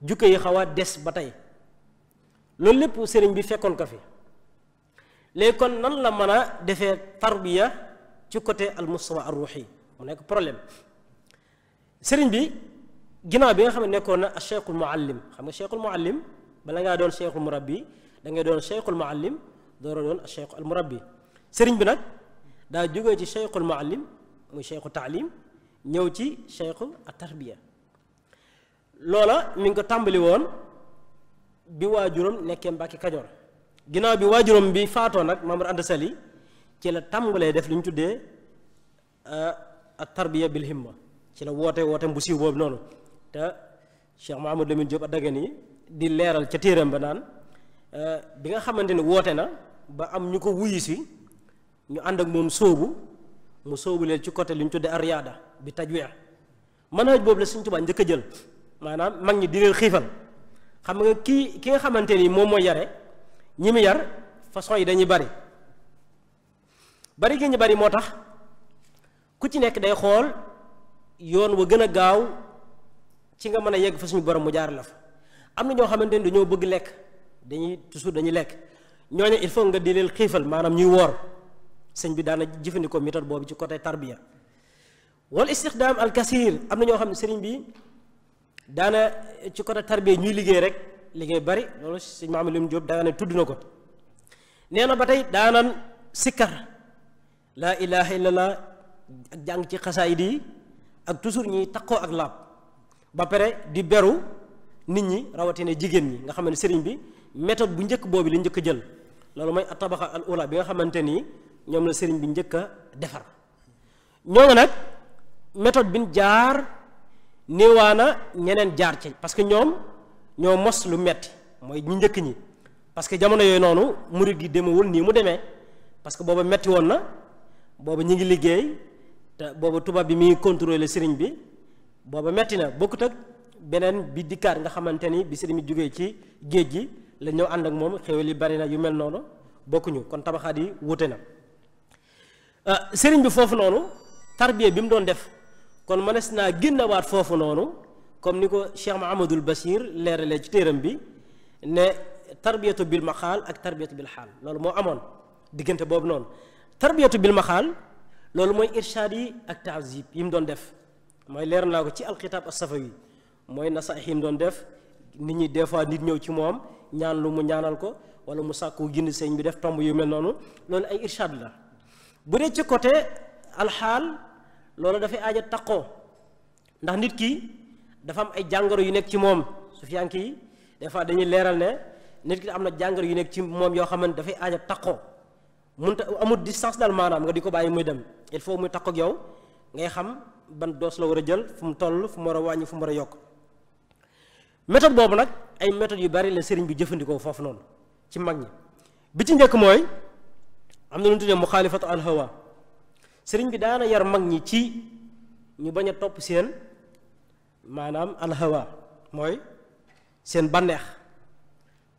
jukke yi xaw a des ba tey loolu lépp sëriñ bi fekkoon ko fi لكن نان لا مانا ديفه تربيه تي كوتي المستوى الروحي هناك بروبليم سيرن بي غينا بيغا خا نيكون الشيخ المعلم خا الشيخ المعلم بلاغا دون شيخ المربي دا دون شيخ المعلم دورا دون الشيخ المربي سيرن بي نا دا جوغي تي شيخ المعلم مو شيخ التعليم نيو تي شيخ التربيه لولا مينكو تامبلي وون بي واجورم نيكيم باكي كادور ginaaw bi wajurum bi faato nak Maam Mor Anta Sali ci la tàmbalee def li tuddé euh at tarbiya bil himma ci la wote wote mbusi bob nonu ta Cheikh Mahamadou Lamine job adagani di leral ci téeram ba euh bi nga xamanteni wote na ba am ñuko ko si ñu and ak mom sóobu mu sóobu leel ci côté li tuddé tuddee bi tajwiid manaj bob la seigne touba ñëk jël mag ñi di leen xifal xam nga ki ki nga xamanteni mom mo yare ñi façon yi dañuy bari bari gi ñu bari moo tax ku ci nekk day xool yoon wa gën a gaaw ci nga mën a yegg fa suñu borom mu jaar la fa am na ñoo xamante ni dañoo bëgg lekk dañuy toujours dañuy lekk ñoo ñooñu il faut nga di leen xiifal maanaam ñuy woor sëñ bi daana jëfandikoo méthode boobu ci côté tarbiya wal istixdaam al kasir am na ñoo xam ne sëriñ bi daana ci côté tarbiya ñuy liggéey rek ligay bari loolu seigne mamadou Lim job daa ne tudd na ko nee na daanan sikkar la ilaha illallah jang ci khasaidi ak toujours ñi takko ak lab ba pare di beru nit ñi rawatina jigen ñi nga xam ne bi méthode bu ñëk bobu li ñëk jël loolu mooy at al ula bi nga xamanteni ñom la sëriñ bi ñëk ñoo nga méthode bin jaar niwana jaar ci parce que ñoo mos lu metti mooy ñu njëkk ñi parce que jamono yooyu noonu murid gi demewul nii mu demee parce que booba metti woon na booba ñi ngi liggéey te booba tubaab bi muy ngi contrôler sëriñ bi booba metti na bokkut ak beneen bi dikkaat nga xamante ni bi sëriñ bi jógee ci géej gi la ñëw ànd ak moom xéwal yi bari na yu mel noonu bokkuñu kon tabaxaat yi wute na euh, sëriñ bi foofu noonu tarbiya bi mu doon def kon mënees naa génnawaat foofu noonu comme ni ko Cheikh Mahamadul Basir leerale ci téeram bi ne tarbiyatu bil maxaal ak tarbiyatu bil xaal loolu moo amoon diggante boobu noonu tarbiyatu bil maxaal loolu mooy irshaad yi ak taazib yi mu doon def mooy leer naa ko ci alxitaab as-safawi mooy nasaax yi mu doon def nit ñi des fois nit ñëw ci moom ñaan lu mu ñaanal ko wala mu sàkku gind sëñ bi def tomb yu mel noonu loolu ay irshaad la bu dee ci côté alxaal loolu dafay aaja taqoo ndax nit ki dafa am ay jàngoro yu nekk ci moom sufiyanke yi des fois dañuy leeral ne nit ki am na jàngoro yu nekk ci moom yoo xamante dafay aaja taqoo munta amul distance daal maanaam nga di ko bàyyi muy dem il faut muy taqoo ak yow ngay xam ban doos la war a jël fu mu toll fu mu war a wàññi fu mu war a yokk méthode boobu nag ay méthodes yu bari la sëriñ bi jëfandikoo foofu noonu ci mag ñi bi ci njëkk mooy am na lu ñu tuddee muxaalifatu alhawa sëriñ bi daana yar mag ñi ci ñu bañ a topp seen maanaam alhawa mooy seen bànneex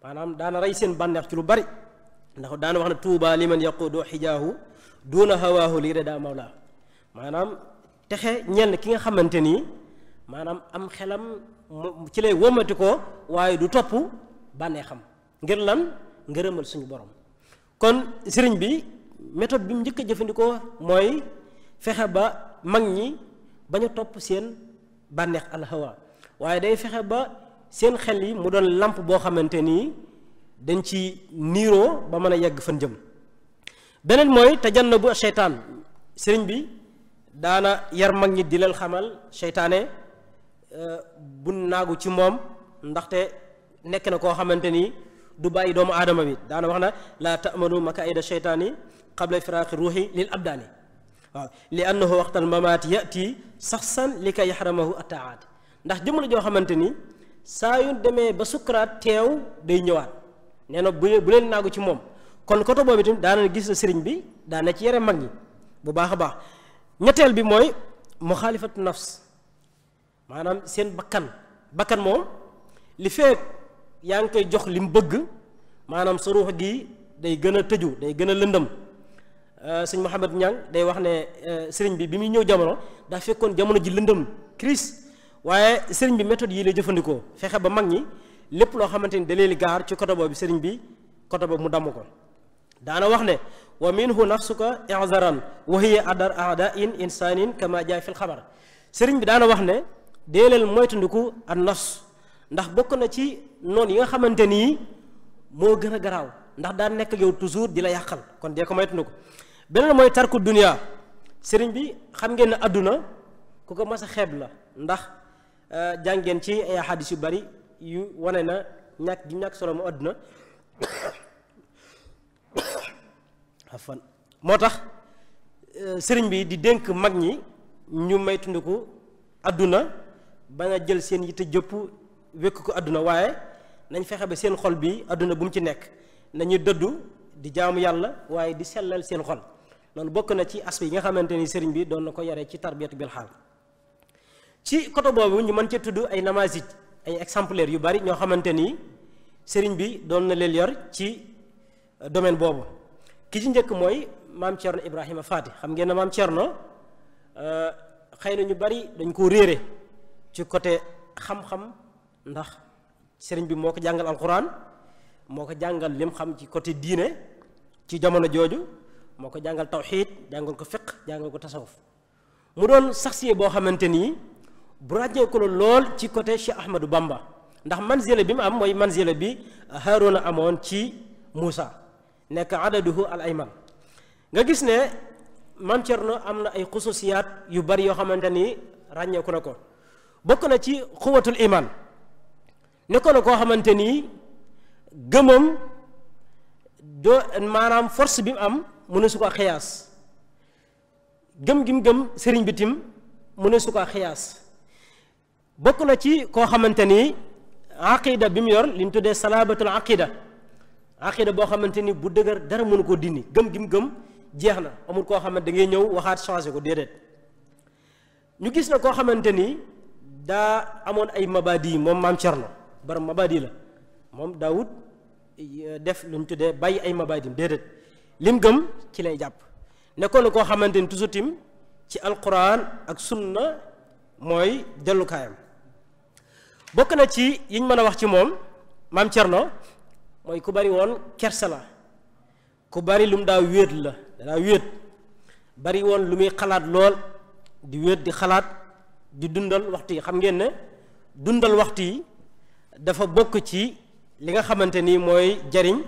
maanaam daana rey seen bànneex ci lu bari ndax daana wax na ne tuuba liman yaqudu xijaahu duuna hawaahu lii de reda mawla maanaam texe ñenn ki nga xamante nii maanaam am xelam ci lay womati ko waaye du topp bànneexam ngir lan ngërëmal suñu borom kon sëriñ bi méthode bi mu njëkk a jëfandikoo mooy fexe ba mag ñi bañ a topp seen bànneex alhawa waaye day fexe ba seen xel yi mu doon làmp boo xamante nii dañ ci niiroo ba mën a yegg fan jëm beneen mooy tajannabu seytaan sëriñ bi daana yar mag ñi di leen xamal seytaane euh, bu naagu ci moom ndaxte nekk na koo xamante nii du bàyyi doomu aadama bi daana wax na laa tamanu makaida seytaani qabla firaaqi ruuxi lil abdaani waaw li annahu waxtal mamaat yati saxsan li koy yaxramahu ataati ndax jamono joo xamante ni saa yu demee ba sukkuraat teew day ñëwaat nee na bu bu leen ci moom kon koto boobu itam daana gis na sëriñ bi daana ci yare mag ñi bu baax a baax ñetteel bi mooy muxaalifatu nafs maanaam seen bakkan bakkan moom li feek yaa ngi koy jox li mu bëgg maanaam sa ruux gi day gën a tëju day gën a lëndëm Euh, sëñ Mouhamed Niang day wax ne euh, sëriñ bi bi muy ñëw jamono daa fekkoon jamono ji lëndëm crise waaye sëriñ bi méthode yii lay jëfandikoo fexe ba mag ñi lépp loo xamante ni da leen gaar ci côté bi sëriñ bi côté boobu mu damm ko daana wax ne wa minhu nafsuka i'zaran wa hiya adar a'da'in insanin kama jaa fil xabar sëriñ bi daana wax ne dee leen moytandiku ak nafs ndax bokk na ci noonu yi nga xamante nii moo gën a garaaw ndax daan nekk yow toujours di la yàqal kon dee ko beneen mooy tarku dunia sëriñ bi xam ngeen ne àdduna ku ko mas xeeb la ndax euh, jàngeen ci ay yu bari yu wane na ñàkk gi ñàkk solo mu àdduna afan moo tax euh, sëriñ bi di dënk mag ñi ñu may ko àdduna ba nga jël seen yitte jëpp wekk ko àdduna waaye nañ fexe ba seen xol bi àdduna bu mu ci nekk nañuy dëddu di jaamu yàlla waaye di sellal seen xol non bokk na ci aspect yi nga xamanteni sëriñ bi doon na ko yaree ci tarbiyatu bil hal ci koto bobu ñu mën ci tuddu ay namasit ay exemplaire yu bari ñoo xamanteni sëriñ bi doon na leen yor ci domaine bobu ki ci njëkk moy mam Thierno Ibrahima Faati xam ngeen mam maam euh xeyna ñu bari dañ ko réere ci côté xam-xam ndax sëriñ bi moko jangal jàngal alquran moo jàngal lim xam ci côté diiné ci jamono jooju moko jangal tauhid jangal ko fiqh jangal ko tasawuf mu saksi saxsiye boo xamante nii bu ràññee ko lol ci côté Cheikh Ahmadou Bamba ndax manzila bim am moy manzila bi harun amon ci musa nek adaduhu al ayman nga gis ne man Cerno amna ay khususiyat yu bari yo xamanteni ragne ko nako bokk na ci khuwatul iman ne ko nako xamanteni gemam do manam force bi am mënu su ko xiyaas gëm gim gëm sëriñ bitim mu ne su ko xiyaas bokk na ci koo xamante ni aqida bi mu yor li mu tuddee salaabatul aqida aqida boo xamante ni bu dëgër dara mënu koo dindi gëm gim gëm jeex na amul koo xamante da ngay ñëw waxaat changé ko déedéet ñu gis na koo xamante ni daa amoon ay mabadi moom maam Cerno bar mabadi la moom daawut eh, def lu ñu tuddee bàyyi ay mabadi déedéet lim gëm ci lay jàpp nekkoon la koo xamante ni toujours tim ci alquran ak sunna mooy dellukaayam bokk na ci yiñ mën a wax ci moom maam Cerno mooy ku bari woon kersa la ku bari lu mu daa wéet la daa wéet bari woon lu muy xalaat lool di wéet di xalaat di dundal waxtu yi xam ngeen ne dundal waxtu yi dafa bokk ci li nga xamante ni mooy jariñ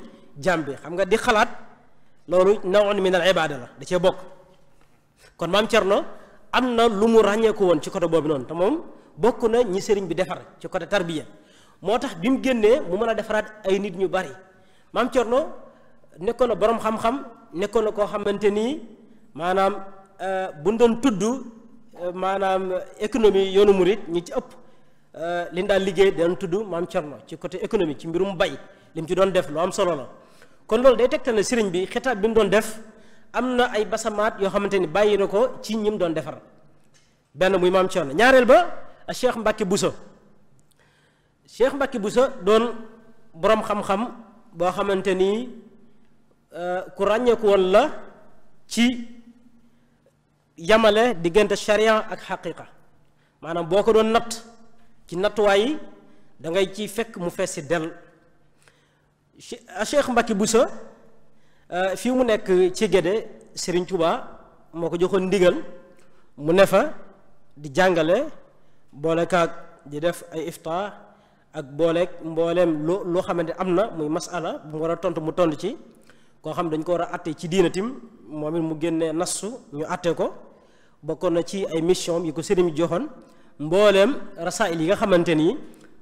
jaam bi xam nga di xalaat loolu nawun min al ibada la da cee bokk kon maam Cerno am na lu mu ràññeeku woon ci côté boobu noonu te moom bokk na ñi sëriñ bi defar ci côté tarbiya moo tax bi mu génnee mu mën a defaraat ay nit ñu bari maam Cerno nekkoon na borom xam-xam nekkoon na koo xamante nii maanaam euh, bu ñu doon tudd euh, maanaam économie yoonu mu murit ñi ci ëpp euh, li ñu daan liggéey daan tudd maam Cerno ci côté économie ci mbirum bay li mu ci doon def lu am solo la kon loolu day tegtal ne sëriñ bi xitaab bi mu doon def am na ay basamaat yoo xamante ni bàyyi na ko ci ñim doon defar benn muy maam na ñaareel ba Cheikh Mbacke Bousso Cheikh Mbacke Bousso doon boroom xam-xam boo xamante ni euh, ku ràññeeku woon la ci yamale diggante charia ak xaqiqa maanaam boo ko doon natt ci nattuwaay yi da ngay ciy fekk mu fees si dell Ah, Cheikh Mbacké Bousso euh, fii mu nekk ci Guédé sëriñ Touba moo ko joxoon ndigal mu ne fa di jàngale boolekaak di def ay iftaar ak booleeg mbooleem loo loo xamante am na muy masala bu mu war a tontu mu tontu ci koo xam dañ ko war a àtte ci diinatim moom it mu génnee nastu ñu àtte ko bokkoon na ci ay mission yi ko sëriñ bi joxoon mbooleem rasaayil yi nga xamante nii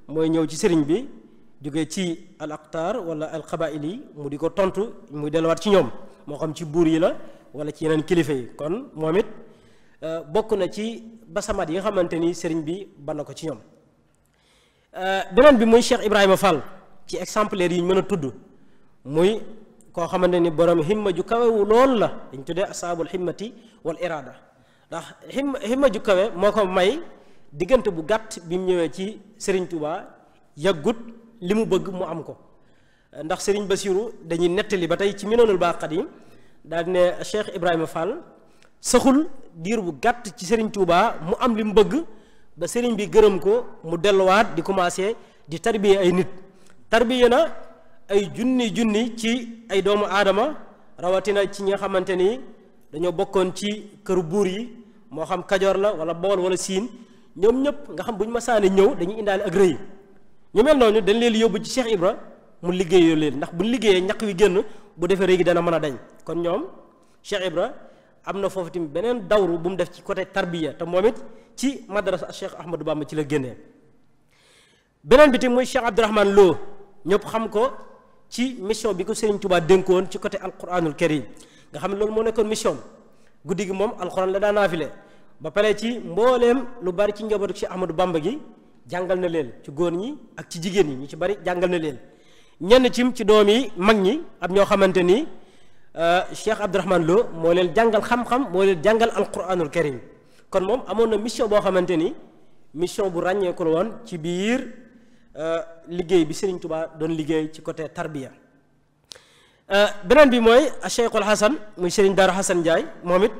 mooy ñëw ci sëriñ bi joge ci al aqtar wala al qabaili mu di ko tontu muy delluwaat ci ñom mo xam ci bur yi la wala ci yenen kilife yi kon momit it euh, bokk na ci basamat yi nga xamante bi banako ci ñom euh benen bi muy cheikh ibrahima fall ci exemplaire yi ñu mëna tuddu tudd muy ko xamante borom himma ju wu lool la ñu tuddé himmati wal irada ndax himma ju kawé moko may digënté bu gatt bi ñëwé ci serigne touba yagut li mu bëgg mu am ko ndax Serigne Bassirou dañuy nettali ba tey ci Minanul Baqi daal ne Cheikh Ibrahima Fall sëxul diir bu gàtt ci Serigne Touba mu am li mu bëgg ba Serigne bi gërëm ko mu delluwaat di commencé di tarbiye ay nit tarbiye na ay junni junni ci ay doomu aadama rawatina ci ñi nga xamante ni dañoo bokkoon ci këru buur yi moo xam Kajoor la wala Bawol wala Siin ñoom ñëpp nga xam bu ñu masaane ñëw dañu indaale ak rëy. ñu mel noonu dañ leen yóbbu ci Cheikh Ibra mu liggéeyoo leen ndax bu liggéeyee ñaq wi génn bu defee réegi dana mën a dañ kon ñoom Cheikh Ibra am na foofu tamit beneen dawru bu mu def ci côté tarbiya te moom it ci madrasa Cheikh ahmadu Bamba ci la génnee beneen bi tamit muy Cheikh Abdourahmane loo ñëpp xam ko ci mission bi ko Serigne Touba dénkoon ci côté alquranul karim nga xam ne loolu moo nekkoon mission guddi gi moom alquran la daan naafile ba pare ci mbooleem lu bari ci njabootu Cheikh Ahmadou Bamba gi jàngal na leen ci góor ñi ak ci jigéen ñi ñu ci bari jàngal na leen ñenn cim ci doom yi mag ñi am ñoo xamante ni euh, Cheikh Abdourahmane Lo moo leen jàngal xam-xam moo leen jàngal alquranul karim kon moom amoon na mission boo xamante ni mission bu ràññeeku la woon ci biir euh, liggéey bi Serigne Touba doon liggéey ci côté tarbiya euh, beneen bi mooy Cheikhul Hasan muy Serigne Darou Hasan Ndiaye moom it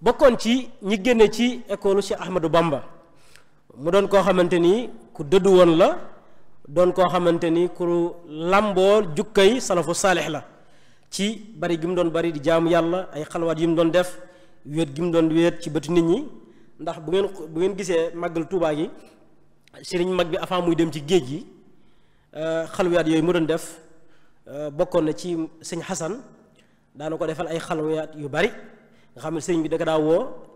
bokkoon ci ñi génne ci école Cheikh Ahmadou Bamba. mu doon koo xamante ni ku dëddu woon la doon koo xamante ni ku làmboo jukkay salafu saalix la ci bari gi mu doon bari di jaamu yàlla ay xalwaat yi mu doon def wéet gi mu doon wéet ci bëti nit ñi ndax bu ngeen ngeen gisee màggal tuubaa gi sëriñ mag bi avant muy dem ci géej gi euh, xalwaat yooyu mu doon def euh, bokkoon na ci sëñ Xasan daana ko defal ay xalwaat yu bari nga xam ne bi da daa woo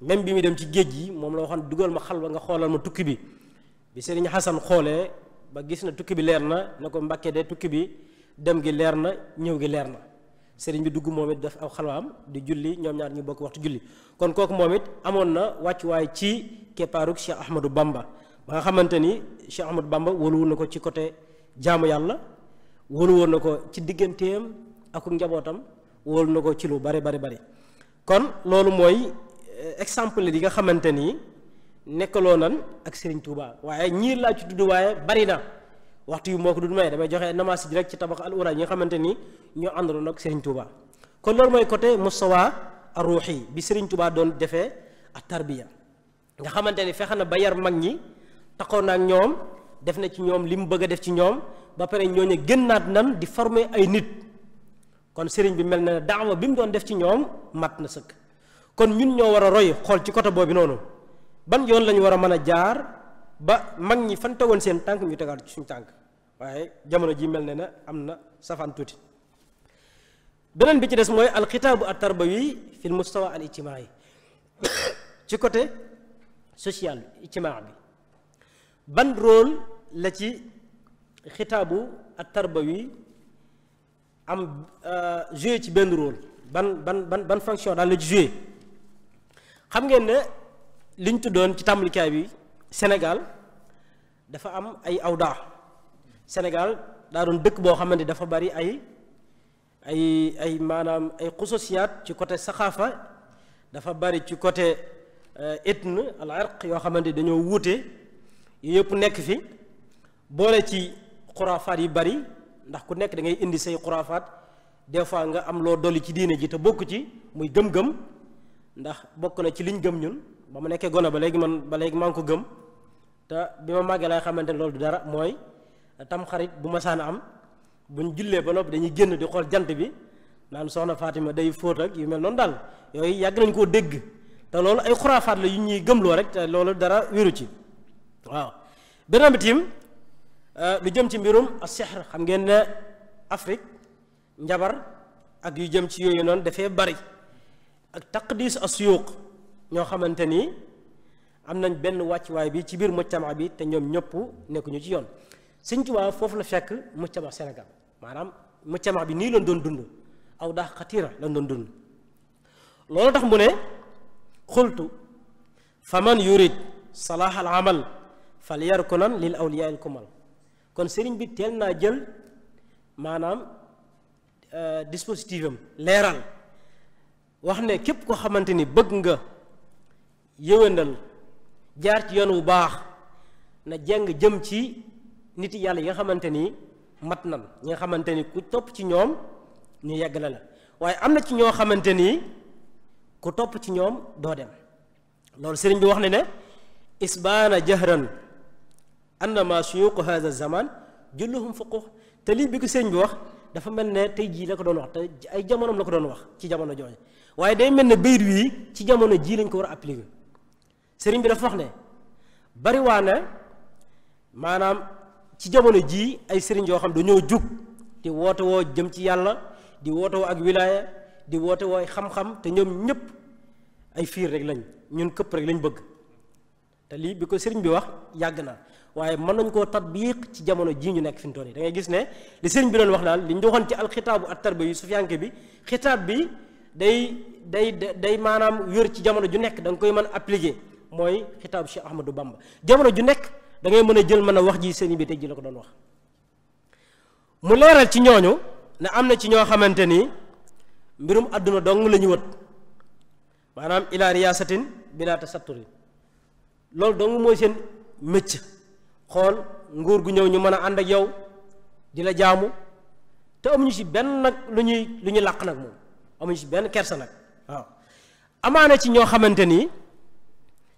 même bi mi dem ci geej gi mom la waxon dugal ma xal ba nga xolal ma tukki bi bi Serigne xolé ba gis na tukki bi leer na ne de tukki bi dem gi leer na ñëw gi leer na bi dugg momit def aw xalwaam di julli ñom ñaar ñu bokk waxtu julli kon koku momit amon na na way ci keparuk Cheikh Ahmadou Bamba ba nga xamanteni ni Cheikh Ahmadou Bamba wolu won nako ci côté jaamu yalla wolu won nako ci digeentem ak njabotam wolu nako ci lu bari bari bari kon lolu moy exemple yi nga xamante ni nekkaloo nan ak Serigne Touba waaye ñii laa ci tudd waaye bari na waxtu yi moo ko dund may damay joxe namaas ji rek ci tabax al ura yi nga xamante ni ñoo àndaloon ak Serigne Touba kon loolu mooy côté mustawa ruuxi bi sëriñ Touba doon defee ak tarbiya nga xamante ni fexe na ba yar mag ñi taxoon na ak ñoom def na ci ñoom li mu bëgg a def ci ñoom ba pare ñooñu gën naat nan di former ay nit kon sëriñ bi mel na daawa bi mu doon def ci ñoom mat na sëkk. kon ñun ñoo war a roy xool ci côté boobu noonu ban yoon lañu ñu war a mën a jaar ba mag ñi fan tegoon seen tànk ñu tegaat suñu tànk waaye jamono ji mel ne na am na safaan tuuti beneen bi ci des mooy alxitaabu at tarbawi fil mustawa al ijtimaai ci côté social ijtimaa bi ban rôle la ci xitaabu at tarbawi am euh, joué ci benn rôle ban ban ban ban fonction daal la ci joué xam ngeen ne liñ tuddoon ci tàmbalikaay bi Sénégal dafa am ay awda Sénégal daa doon dëkk boo xamante dafa bari ay ay ay maanaam ay xususiyaat ci côté saxaafa dafa bari ci côté euh, ethne al irq yoo xamante dañoo wuute yu yëpp nekk fi boole ci xuraafaat yi bari ndax ku nekk da ngay indi say xuraafaat des fois nga am loo dolli ci diine ji te bokk ci muy gëm-gëm ndax bokk na ci liñ gëm ñun ba mu nekkee gone ba léegi man ba léegi maa ngi ko gëm te bi ma màggee lay xamante ne loolu du dara mooy tam bu ma saan am buñ jullee ba noppi dañuy génn di xool jant bi naan soxna Fatima day fóot ak yu mel noonu daal yooyu yàgg nañ koo dégg te loolu ay xuraafaat yu ñuy gëmloo rek te dara wéru ci waaw beneen euh, lu jëm ci mbirum as-sihr xam ngeen ne Afrique njabar ak yu jëm ci yooyu noonu dafee bari ak taqdis asyuq ño xamanteni amnañ ben nañ way bi ci bir mujtama bi te ñoom neeku ñu ci yoon sëñ Tuubaa fofu la fekk mujtama senegal manam mujtama bi ni la doon dund aw da khatira la doon dund lolu tax mu ne khultu faman yurid salah al amal fal lil awliya al kumal kon señ bi telna jël manam euh leral wax ne képp ko xamante ni bëgg nga yëwénal jaar ci yoon wu baax na jeng jëm ci nit yàlla yi nga xamante ni mat nan ñi nga xamante ni ku topp ci ñoom ñu yegg la waaye am na ci ñoo xamante ni ku topp ci ñoom doo dem loolu sëriñ bi wax ne ne isbaana jahran annama suyuqu hadha zaman julluhum fuquh te lii bi ko sëriñ bi wax dafa mel ne tey jii la ko doon wax te ay jamonoom la ko doon wax ci jamono jooju waaye day mel ne bayit wii ci jamono jii lañ ko war a appliquer sëriñ bi dafa wax ne bariwaa na maanaam ci jamono jii ay sëriñ yoo xam dañoo jug di woote woo jëm ci yàlla di woote woo ak wilaaya di woote wooy ay xam-xam te ñoom ñëpp ay fiir rek lañ ñun këpp rek lañ bëgg te lii bi ko sëriñ bi wax yàgg na waaye mën nañ koo tatbiq ci jamono jii ñu nekk fi mu toll nii da ngay gis ne li sëriñ bi doon wax daal li ñu ci alxitaabu at tarba yu sufiyanke bi xitaab bi day day day manam wër ci jamono ju nek dang koy man appliquer moy xitaab Cheikh Ahmadou Bamba jamono ju nek da ngay mëna jël mëna wax ji seen bi tej ji la ko doon wax mu leral ci ñooñu na amna na ci ñoo xamanteni mbirum aduna dong lañu wut manam ila riyasatin bila tasatturi lol dong moy seen mecc xol nguur gu ñew ñu mëna and ak yow dila jaamu te amuñu ci ben nak luñuy ñuy lu nak mom amuñ si benn kersa nag waaw amaana ci ñoo xamante ni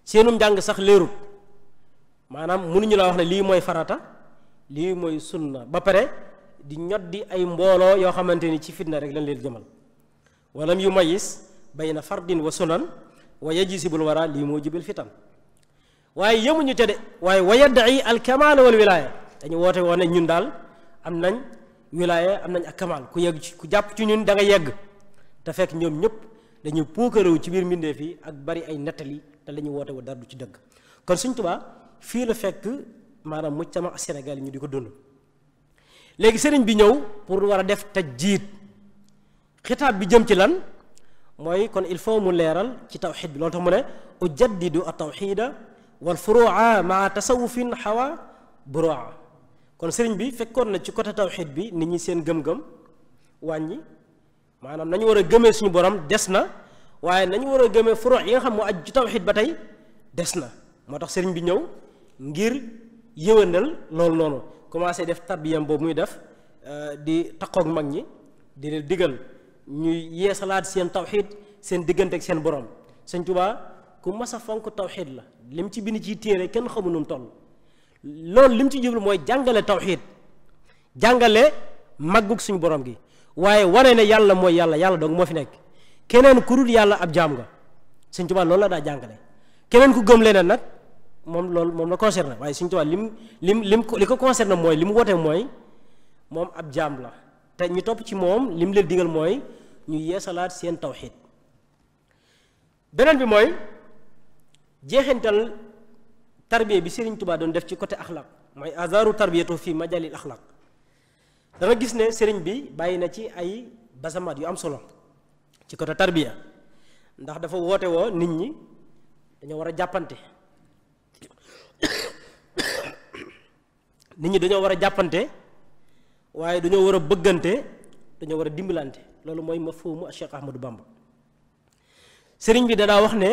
seenum njàng sax leerut maanaam mënuñu la wax ne lii mooy farata lii mooy sunna ba pare di ñoddi ay mbooloo yoo xamante ni ci fitna rek lañ leen jëmal walam yu mayis bayna fardin wa sunan wa yajisibul wara lii moo jibil fitan waaye yemuñu te de waaye wa yaddaci al kamaal wal wilaaya dañu woote woon ne ñun daal am nañ wilaaya am nañ ak kamaal ku yegg ci ku jàpp ci ñun da yegg te fekk ñoom ñëpp dañuy puukarewu ci biir mbindeef yi ak bari ay nettali te la ñu woote wu dara ci dëkk kon suñ Tuubaa fii la fekk maanaam mujtama Sénégal yi ñu di ko dund léegi sëriñ bi ñëw pour war a def jiit xitaab bi jëm ci lan mooy kon il faut mu leeral ci tawxiid bi loolu tax mu ne ujaddidu a tawxiida wal furuua maa tasawufin xawa burua kon sëriñ bi fekkoon na ci côté tawxiid bi nit ñi seen gëm-gëm wàññi maanaam nañu war a gëmee suñu borom des na waaye nañu war a gëmee furo yi nga xam moo aju ci tawxiid ba tey des na moo tax sëriñ bi ñëw ngir yëwénal loolu noonu commencé def tarbiyam boobu muy def euh, di taqoog mag ñi di leen digal ñuy yeesalaat seen tawxiid seen diggante ak seen borom sëñ Tuubaa ku mas a fonk tawxiid la lim ci bind ciy téere kenn xamu nu mu toll loolu lim ci jublu mooy jàngale tawxiid jàngale màggug suñu borom gi waaye wane na yàlla mooy yàlla yàlla doon moo fi nekk keneen ku dul yàlla ab jaam nga Sëñ Tuubaa lool la daa jàngale keneen ku gëm leneen nag moom loolu moom la concerné waaye Sëñ Tuubaa lim lim lim li ko concerné mooy li mu woote mooy moom ab jaam la te ñu topp ci moom lim leen digal mooy ñu yeesalaat seen tawxiid beneen bi mooy jeexintal tarbiya bi Sëriñ Tuubaa doon def ci côté axlaq mooy azaaru tarbiyatu fi majalil axlaq da gis ne sëriñ bi bàyyi na ci ay basamaat yu am solo ci côté tarbiya ndax dafa woote woo nit ñi dañoo war a jàppante nit ñi dañoo war a jàppante waaye dañoo war a bëggante dañoo war a dimbalante loolu mooy mafhumu Cheikh Ahmadou Bamba sëriñ bi danaa wax ne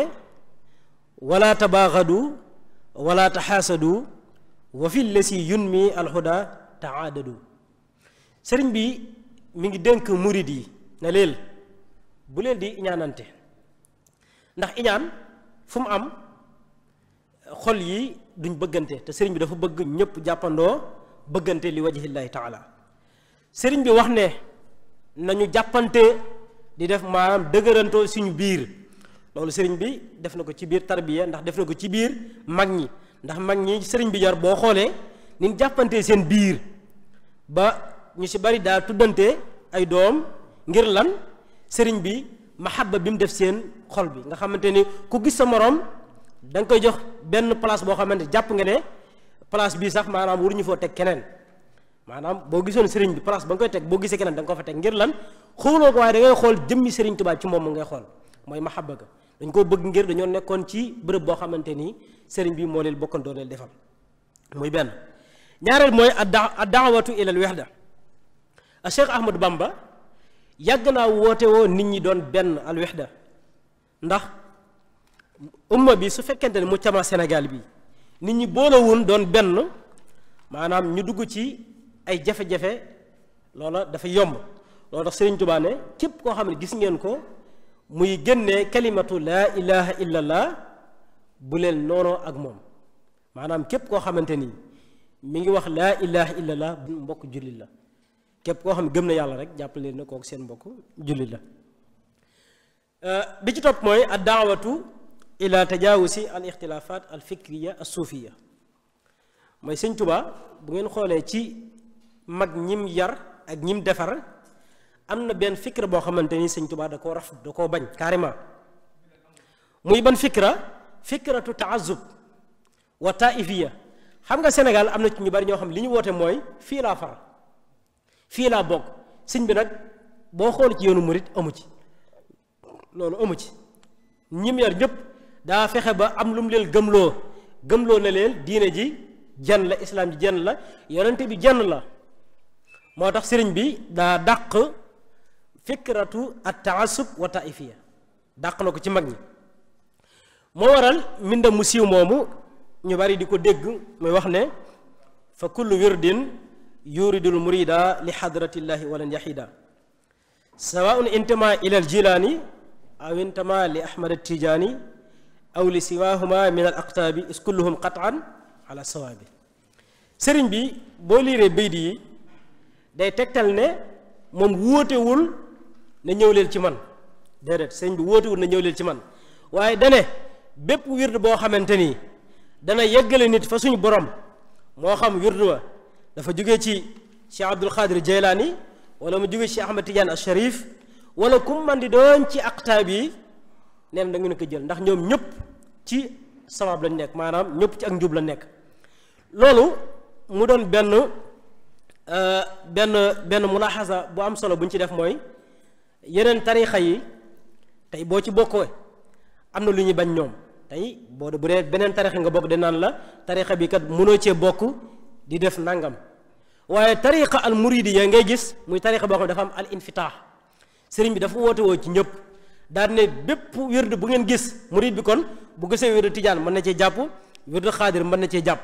wala tabaaxadu wala taxaasadu wa fi lesi yunmi alxuda taadadu sëriñ bi mu ngi dénk murid yi ne leel bu leen di iñaanante ndax iñaan fu mu am xol yi duñ bëggante te sëriñ bi dafa bëgg ñëpp jàppandoo bëggante li wajhillaahi taala sëriñ bi wax ne nañu jàppante di def maanaam dëgërantoo suñu biir loolu sëriñ bi def na ko ci biir tarbiya ndax def na ko ci biir mag ñi ndax mag ñi sëriñ bi jar boo xoolee niñ jàppantee seen biir ba ñu ci bari da tudante ay dom ngir lan serigne bi mahabba bim def seen xol bi nga xamanteni ku gis sa morom da koy jox ben place bo xamanteni japp nga ne place bi sax manam wuñu fo tek kenen manam bo gisone serigne bi place bang koy tek bo gisse kenen dang ko fa tek ngir lan xooloo ko way da ngay xool jëmmi serigne touba ci mom ngay xol moy mahabba ga dañ ko bëgg ngir dañu nekkon ci bërëb bo xamanteni serigne bi mo leel bokkon do leel defal moy ben ñaaral moy ad dawatu ila al wahda الشيخ احمد بامبا يغنا ووتو نيت ني دون بن الوحده نده امه بي سو فكانتني مجتمع السنغال بي نيت ني بولوون دون بن مانام ني دغو تي اي جافه جافه لولا دا فا يوم لولا دا سيرن توبا ني كيب كو خامل غيس نين كو موي генي كلمه لا اله الا الله بولل نونو اك موم مانام كيب كو خامتني ميغي واخ لا اله الا الله موك جولي الله képp koo xam ne gëm na yàlla rek jàpp na kooku seen mbokk jullit la euh, bi ci topp mooy ad daawatu ila tajawusi al ixtilafat al fikriya al suufiya mooy sëñ Tuubaa bu ngeen xoolee ci mag ñim yar ak ñim defar am na benn fikra boo xamante ni sëñ Tuubaa da koo raf da koo bañ carrément muy ban fikra fikratu taazub wa taifiya xam nga Sénégal am na ci ñu bari ñoo xam li ñu woote mooy fii laa far fii laa bokk sëñ bi nag boo xool ci yoonu murit amu ci loolu amu ci ñim yar ñëpp daa fexe ba am lu mu leen gëmloo gëmloo na leen diine ji jan la islaam ji jenn la yonente bi jenn la moo tax sëriñ bi daa dàq fikratu at taasub wa taifiya dàq na ko ci mag ñi moo waral mbindam mu siiw moomu ñu bari di ko dégg muy wax ne fa kullu wirdin يورد المريد لحضرة الله ولن يحيدا سواء انتمى إلى الجيلاني أو انتمى لأحمد التيجاني أو لسواهما من الأقطاب إذ كلهم قطعا على صواب sëriñ bi boo liiree baydi yi day tegtal ne moom wóotewul na ñëw leen ci man déedéet sëriñ bi wóotewul na ñëw leen ci man waaye dane bépp wird boo xamante nii dana yeggale nit fa suñu borom moo xam wird wa dafa jóge ci Cheikh Abdul Qadir Jeylaani wala mu jóge ci Ahmad Tidiane al Sharif wala kum man di doon ci aqtaab yi nee na da ngeen ko jël ndax ñoom ñëpp ci sawaab lañ nekk maanaam ñëpp ci ak njub la nekk loolu mu doon benn euh, benn benn mulaaxasa bu am solo bu ñu ci def mooy yeneen tarixa yi tey boo ci bokkoo am na lu ñuy bañ ñoom tey boo bu dee beneen yi nga bokk de naan la tarixa bi kat mënoo cee bokk di def nangam waye tariqa al muridi ya ngay gis muy tariqa boo dafa am al infitah, serigne bi dafa wote wo ci ñëpp daal ne bepp wirdu bu ngeen gis murid bi kon bu gese wirdu tidiane man na ci japp wirdu khadir man na ci japp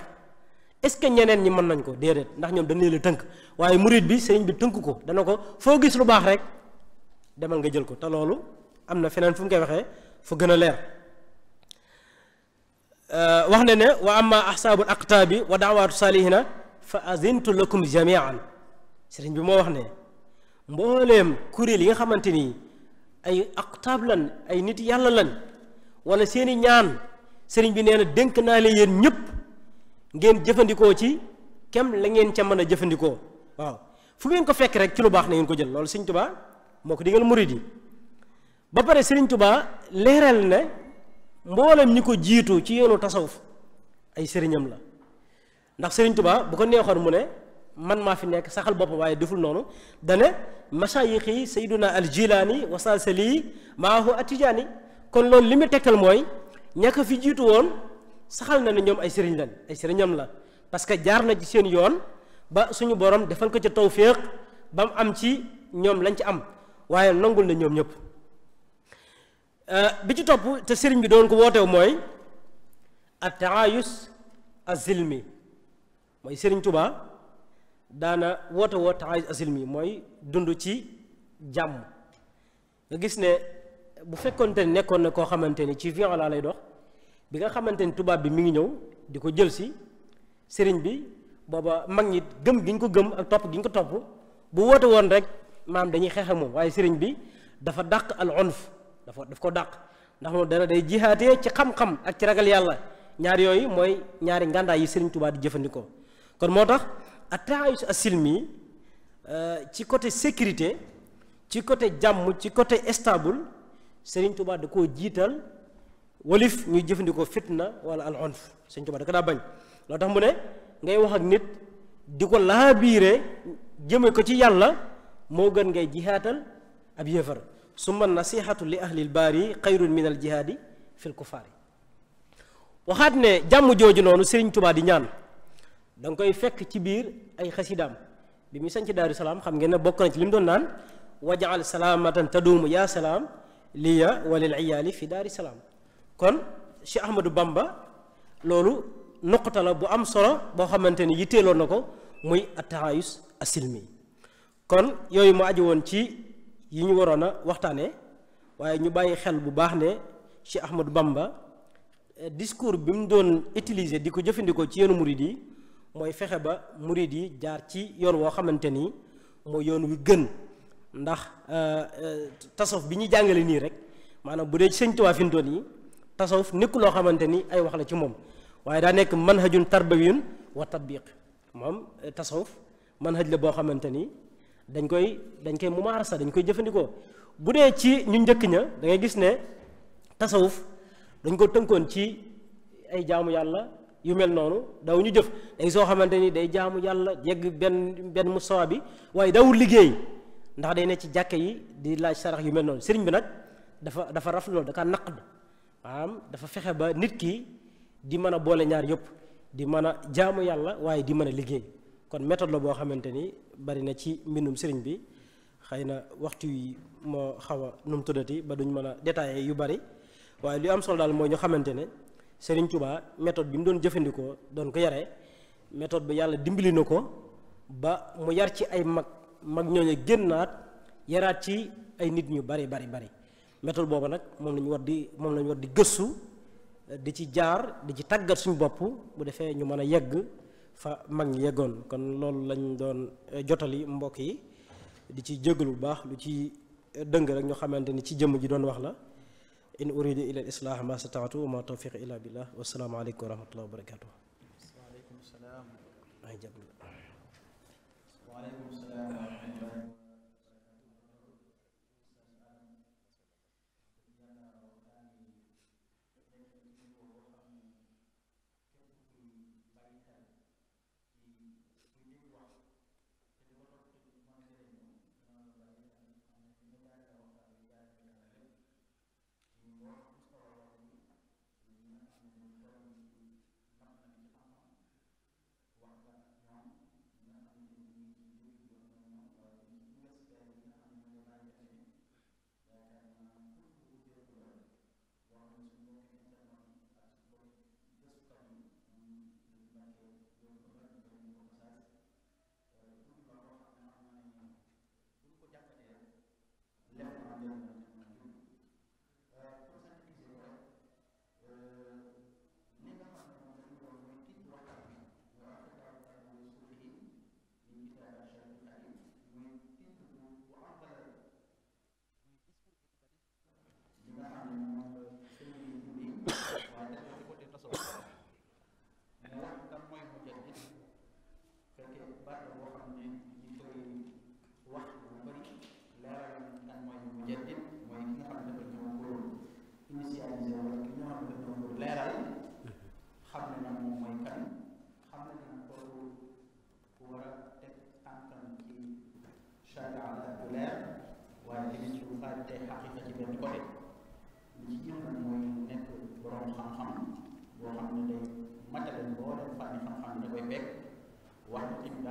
est ce ñeneen ñi man nañ ko ndax ñom dañ leele teunk waye murid bi serigne bi teunk ko dana ko fo gis lu bax rek demal nga jël ko ta lolu amna fenen fu ngi koy fu gëna leer Euh, wax ne ne wa amma ahsaabul aqtaabi wa daawaatu saalihina fa azintu lakum jamian sëriñ bi moo wax ne mbooleem kuréel yi nga xamante ni ay aqtaab lan ay nit yàlla lan wala seeni ñaan sëriñ bi nee na dénk naa leen yéen ñëpp ngeen jëfandikoo ci kem la ngeen ca mën a jëfandikoo waaw fu ngeen ko fekk rek ci lu baax na ngeen ko jël lool sëriñ Tuubaa moo ko digal murid ba pare sëriñ Tuubaa leeral ne mboolem ñi ko jiitu ci yoonu tasaw ay sëriñam la ndax sëriñ Tuubaa bu ko neexoon mu ne man maa fi nekk saxal bopp waaye deful noonu dane naa masayixi sayduna aljilaani wasalsali maahu atijaani kon loolu li muy tegtal mooy ñàkk fi jiitu woon saxal na ne ñoom ay sëriñ lañ ay sëriñam la parce que jaar na ci seen yoon ba suñu borom defal ko ca féex ba mu am ci ñoom lañ ci am waaye nangul na ñoom ñëpp Euh, bi ci topp te sëriñ bi doon ko wootew mooy at taayus azilmi mooy sëriñ tubaa daana woote woo taayus azilmi mooy dund ci jàmm nga gis ne bu fekkoonte ne nekkoon na koo xamante ni ci vion laa lay dox bi nga xamante ni tubaab bi mi ngi ñëw di ko jël si sëriñ bi booba mag ñi gëm gi ñu ko gëm ak topp gi ñu ko topp bu woote woon rek maam dañuy xeex moom waaye sëriñ bi dafa dàq al onf dafa daf ko dàq ndax moom dana day jihaatee ci xam-xam ak ci ragal yàlla ñaar yooyu mooy ñaari ngàndaay yi Sëriñ Tuubaa di jëfandikoo kon moo tax ataayus asilmi euh, ci côté sécurité ci côté jàmm ci côté stable Sëriñ Tuubaa da koo jiital walif ñuy jëfandikoo fitna wala al onf Sëriñ Tuubaa da ko daa bañ loo tax mu ne ngay wax ak nit di ko biire jëme ko ci yàlla moo gën ngay jihaatal ab yéfar summa nasihatu li ahli al-bari khairun min al-jihadi fil kufari waxat ne jàmm joju nonu Serigne Touba di ñaan dang koy fekk ci bir ay xasidaam bi mi sañ ci Daaru Salaam xam ngeen ne bokk na ci lim doon naan waj'al salamatan tadum ya salam liya walil iyaali fi daari salam kon ci ahmadu Bamba lolu nokta la bu am solo bo xamanteni yitelo nako muy atayus asilmi kon yoy mu aji won ci yi ñu waroon a waxtaanee waaye ñu bàyyi xel bu baax ne Cheikh Ahmadou Bamba eh, discours bi mu doon utiliser di ko jëfandikoo ci yoonu murid yi mooy fexe ba murid yi jaar ci yoon woo xamante ni mooy yoon wi gën ndax eh, eh, tasawuf bi ñuy jàngale nii rek maanaam bu dee ci Sëñ Tuubaa fintoon yi tasawuf nekk loo xamante ni ay wax la ci moom waaye daa nekk manhajun tarbawiyun wa tatbiq moom tasawuf manhaj la boo xamante ni dañ koy dañ koy mumaarasa dañ koy jëfandikoo bu dee ci ñu njëkk ña dangay gis ne tasawuf dañ ko tënkoon ci ay jaamu yàlla yu mel noonu daw ñu jëf dañ soo xamante ni day jaamu yàlla yegg benn benn musawa bi waaye dawul liggéey ndax day ne ci jàkke yi di laaj sarax yu mel noonu sëriñ bi nag dafa dafa raflu loolu da kaa naqd maanaam dafa fexe ba nit ki di mën a boole ñaar yëpp di mën a jaamu yàlla waaye di mën a liggéey kon méthode la boo xamante ni bari na ci mbindum sëriñ bi xëy na waxtu yi moo xaw a nu mu tuddati ba duñ mën a détaillé yu bari waaye li am solo daal mooy ñu xamante ne sëriñ Tuubaa méthode bi mu doon jëfandikoo doon ko yare méthode bi yàlla dimbali na ko ba mu yar ci ay mag mag ñooñu génnaat yaraat ci ay nit ñu bari bari bari méthode boobu nag moom lañu war di moom lañu war di gëstu di ci jaar di ci tàggat suñu bopp bu defee ñu mën a yegg fa mag ñi yeggoon kon loolu lañ doon eh, jotali mbokk yi di ci jégalu lu baax lu ci eh, dëng rek ñu xamante ni ci jëmm ji doon wax la in uridu ila al islah ma sataatu wa ma tawfiq illa billah wassalaamu aleykum wa rahmatullah wa barakatuh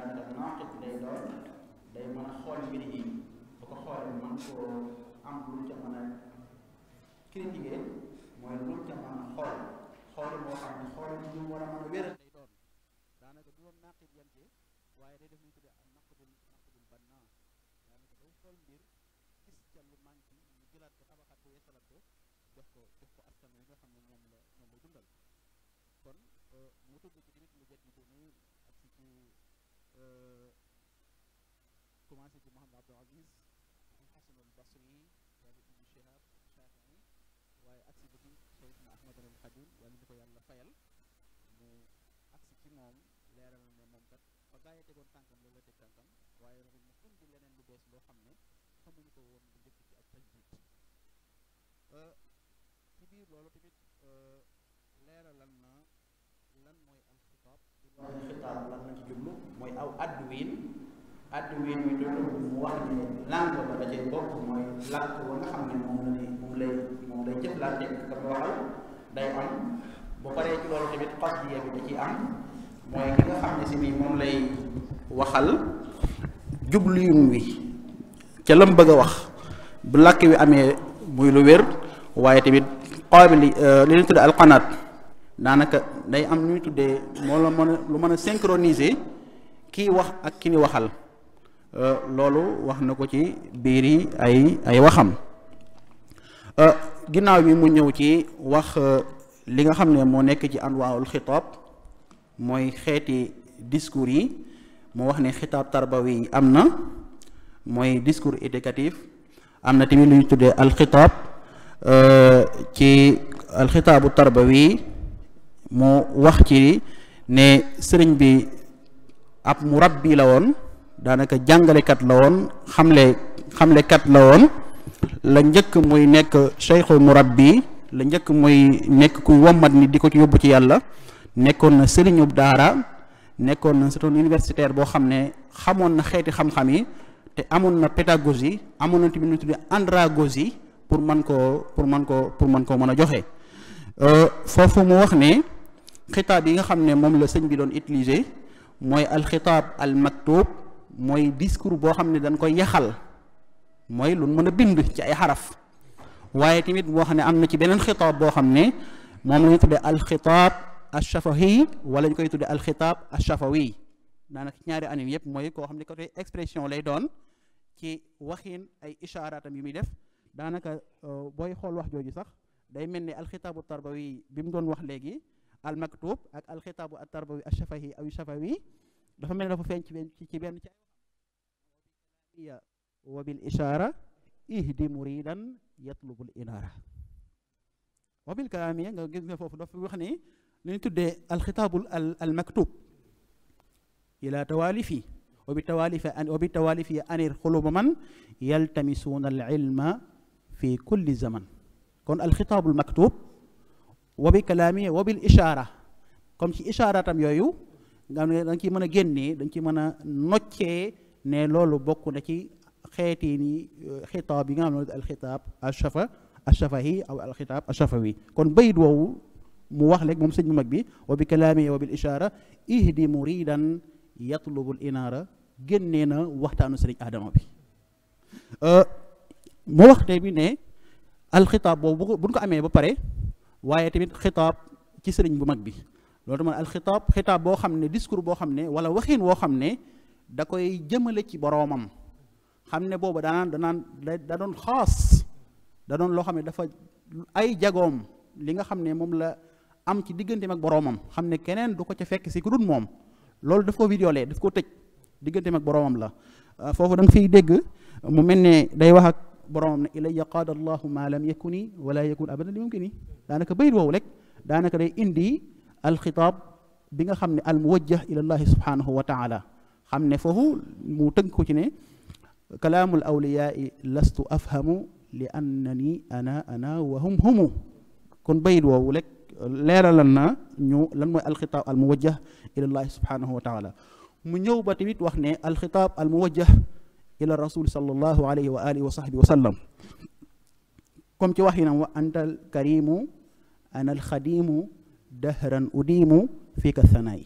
maanaam daf naaqit day doon day mën a xool mbir yi bu ko am lu ca mën a critiquer mooy lu ca mën a xool xoolu boo xam ne Euh, commencé ci Mouhamed Abdou Aziz Alxasan al Basri daal di Ibnu Shihab Shafii waaye agsi ba ci Seydina Ahmad wala ñu ko yàlla fayal mu agsi ci moom leeral moom kat fa gaa yi tegoon tànkam loolu la teg tànkam waaye mu indi leneen lu bees loo xam ne xamuñu ko woon bu njëkk ci ak tajdiid euh, ci biir loolu tamit euh, leeralal na lan mooy wax mooy aw adduwiin adduwiin wi loolu mu wax ne langue ba nga xam ne moom la lay moom lay moom lay jëflante ci nga xam ne moom lay waxal jubluyum wi ca lam bëgg a wax bu làkk wi amee muy lu wér waaye tamit qaabili li ñu tudd alqanaat daanaka nday am lu ñuy tuddee moo la mën a lu mën a synchroniser kii wax ak ki ni waxal euh, loolu wax na ko ci biir yi ay ay waxam euh, ginnaaw bi mu ñëw ci wax euh, li nga xam ne moo nekk ci anwaawul xitaab mooy xeeti discours yi moo wax ne xitaab tarbawi am na mooy discours éducatif am na tamit lu ñu tuddee alxitaab ci alxitaabu tarbawi mu wax ci ne sëriñ bi ab murabbi la woon daanaka jàngalekat la woon xamle xamlekat la woon la njëkk muy nekk cheikhu murabbi la njëkk muy nekk kuy wommat ni di ko ci yóbbu ci yàlla nekkoon na sëriñu daara nekkoon na c'est un universitaire boo xam ne xamoon na xeeti xam-xam yi te amoon na pédagogie amoon na tamit ñu tuddee pour man koo pour man koo pour man koo mën a joxe euh, foofu mu wax ne خطاب يغا خامني موم لا سيغ بي دون اوتيليزي موي الخطاب المكتوب موي ديسكور بو خامني دان كو يخال موي لون مونا بيند سي اي حرف وايي تيميت بو خامني امنا سي بنن خطاب بو خامني موم لاي تودي الخطاب الشفهي ولا نكو تودي الخطاب الشفوي دانا سي نياري انيم ييب موي كو خامني كوتي اكسبريسيون لاي دون سي واخين اي اشاراتام يمي ديف danaka boy xol wax joji sax day melni al khitab at tarbawi bim don wax legi al maktuub ak al xitaabu at tarbawi al shafahi aw shafawi dafa mel ne dafa feeñ ci benn ci benn ci ay waxam wa bil ishaara ihdi muridan yatlubul inaara wa bil kalaamiya nga gis nga foofu dafa wax ni li ñu tuddee al xitaabul al al maktub ila tawaalifi wa bi tawaalifi an wa bi tawaalifi anir xuluba man yaltamisuuna al ilma fi kulli zaman kon al xitaabul maktub وبكلامي وبالإشارة كم شيء إشارة تام يويو عن عن كي منا جنني عن كي منا نكية نلولو بكو عن كي خيتيني خطاب عن كي نعم، الخطاب الشفا الشفاهي أو الخطاب الشفوي كن بيد وو موهلك ممسج مكبي وبكلامي وبالإشارة إهدي مريدا يطلب الإنارة جنينا وحتى نسرق آدم بي ne al khitab bo bu ko amé waaye tamit xitaab ci sëriñ bu mag bi loolu tamit alxitaab xitaab boo xam ne discours boo xam ne wala waxin woo xam ne da koy jëmale ci boroomam xam ne boobu daa danaan da doon xaas da doon loo xam ne dafa ay jagoom li nga xam ne moom la am ci digganteem ak boroomam xam ne keneen du ko ca fekk si moom loolu daf ko vidéolé daf ko tëj digganteem ak boroomam la euh, foofu da nga fiy dégg mu mel ne day wax ak برام إلى يقاد الله ما لم يكني ولا يكون أبدا يمكنني دانك بيد وولك دانك ري إندي الخطاب بيغا خامني الموجه إلى الله سبحانه وتعالى خامني فهو مو كلام الأولياء لست أفهم لأنني أنا أنا وهم هم كن بيد وولك لا لا لا لا لا لا لا لا لا لا لا لا لا لا لا ila rasul sallallahu alayhi wa alihi wa sahbi wa sallam comme ci waxinam wa antal karimu ana alxadimu dahran udimu fii ka sanaay